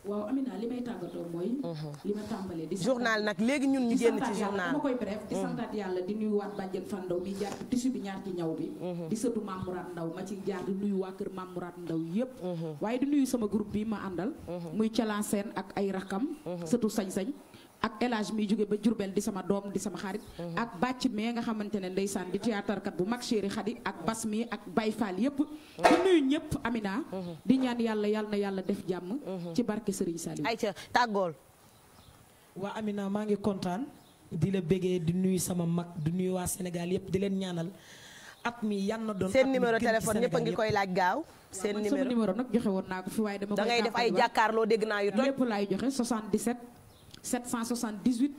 waaw Amina li may tàggatoo mooy. Mhm. li ma tàmbalee di. journal nag léegi ñun ñu génn ci koy bref. di mhm. santaat yàlla di nuyuwaat bàjjen Fandaw mi jaar tissu bi ñaar ci ñaw bi. Mhm. di sëtu Mame Mourad Ndaw ma ci jaar di nuyu waa kër Mame Mourad Ndaw yépp waaye di nuyu sama groupe bi ma àndal. muy Calan Sène ak ay rakam. sëtu sañ-sañ. ak élage mi jóge ba Jurbel di sama doom di sama xarit mm-hmm. ak bàcc mee nga xamante ne ndeysaan di théâtre kat bu mag chéri xadi ak bas mi ak Baye Fall yëpp mm-hmm. di nuyu ñëpp Amina mm-hmm. di ñaan yàlla yàlla yàlla def jàmm ci barke Serigne Saliou ayca tàggool waa Amina maa ngi kontaan di la bëggee di nuyu sama mag di nuyu waa Sénégal yëpp di leen ñaanal at mi yan na doon seen numéro téléphone ñëpp a ngi koy laaj gaaw seen numéro nag joxe woon naa ko fi waaye dama da ngay def ay jàkkaarloo joxe 77 778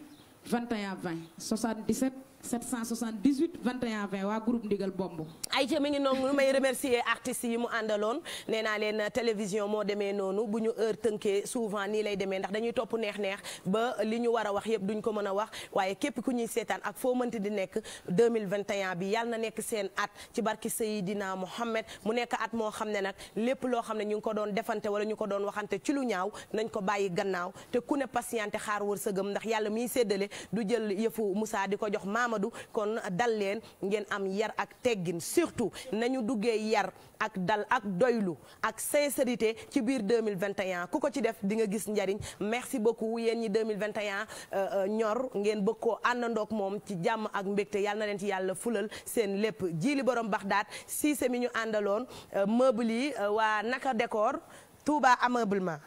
21 20 77 778 21 20 waa groupe Ndigal Bomb. ayca mi ngi noonu lu may remercier artistes yi mu àndaloon nee naa leen télévision moo demee noonu bu ñu heure tënkee souvent nii lay demee ndax dañuy topp neex-neex ba li ñu war a wax yëpp duñ ko mën a wax waaye képp ku ñuy seetaan ak foo mënti di nekk 2021 bi yàlla na nekk seen at ci barki Seydina Mohamed mu nekk at moo xam ne nag lépp loo xam ne ñu ngi ko doon defante wala ñu ko doon waxante ci lu ñaaw nañ ko bàyyi gannaaw te ku ne patienté xaar wërsëgam ndax yàlla miy séddale du jël yëfu Moussa di ko jox Amadou kon dal leen ngeen am yar ak teggin surtout nañu duggee yar ak dal ak doylu ak sincérité ci biir 2021 ku ko ci def di nga gis njariñ merci beaucoup yéen ñi 2021 euh, euh, ñor ngeen bëgg koo àndandook moom ci jàmm ak mbégte yàlla na leen ci yàlla fulal seen lépp jiili borom baxdaat si semi ñu àndaloon euh, meuble yi waa naka décor Touba ameublement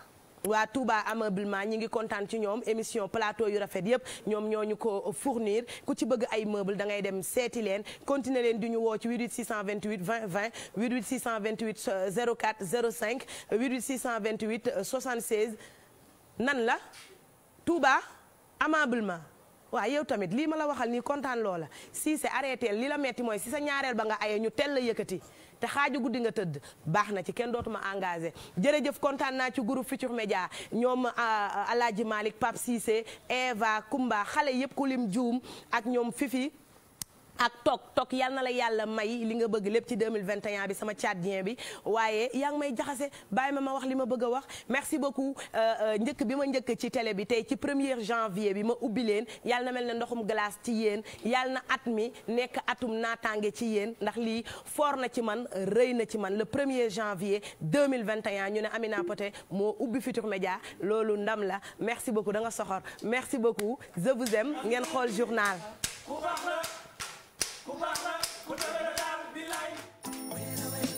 waa Touba ameublement ñi ngi kontaan ci ñoom émission plateau yu rafet yëpp ñoom ñoo ñu ko fournir ku ci bëgg ay meuble dangay dem seeti leen continuer leen di ñu woo ci 88 zéro cinq 20 88 628 04 05 88 628 76 nan la Touba ameublement waaw yow tamit lii ma la waxal nii kontaan loola si c'est arrêté li la metti mooy si sa ñaareel ba nga aye ñu teel la yëkkati te xaaju guddi nga tëdd baax na ci kenn dootuma engagé jërëjëf kontaan naa ci groupe Futur Média ñoom euh, euh, Alaaji Malick Pape Cissé Eva Kumba xale yëpp ku lim juum ak ñoom Fifi ak toog toog yal na la yàlla may li nga bëgg lépp ci 2021 bi sama tchadien bi waaye yaa ngi may jaxase bàyyi ma ma wax li ma bëgg a wax merci beaucoup euh, euh, njëkk bi ma njëkk ci télé bi tey ci première er janvier bi ma ubbi leen yal na mel ne ndoxum glace ci yéen yal na at mi nekk atum naataange ci yéen ndax lii fort na ci man rëy na ci man le 1er janvier 2021 ñu ne Amina Poté moo ubbi Futurs média loolu ndam la merci beaucoup da nga soxor merci beaucoup je vous ngeen xool journal. ku baax la ku dëgër daal bi laay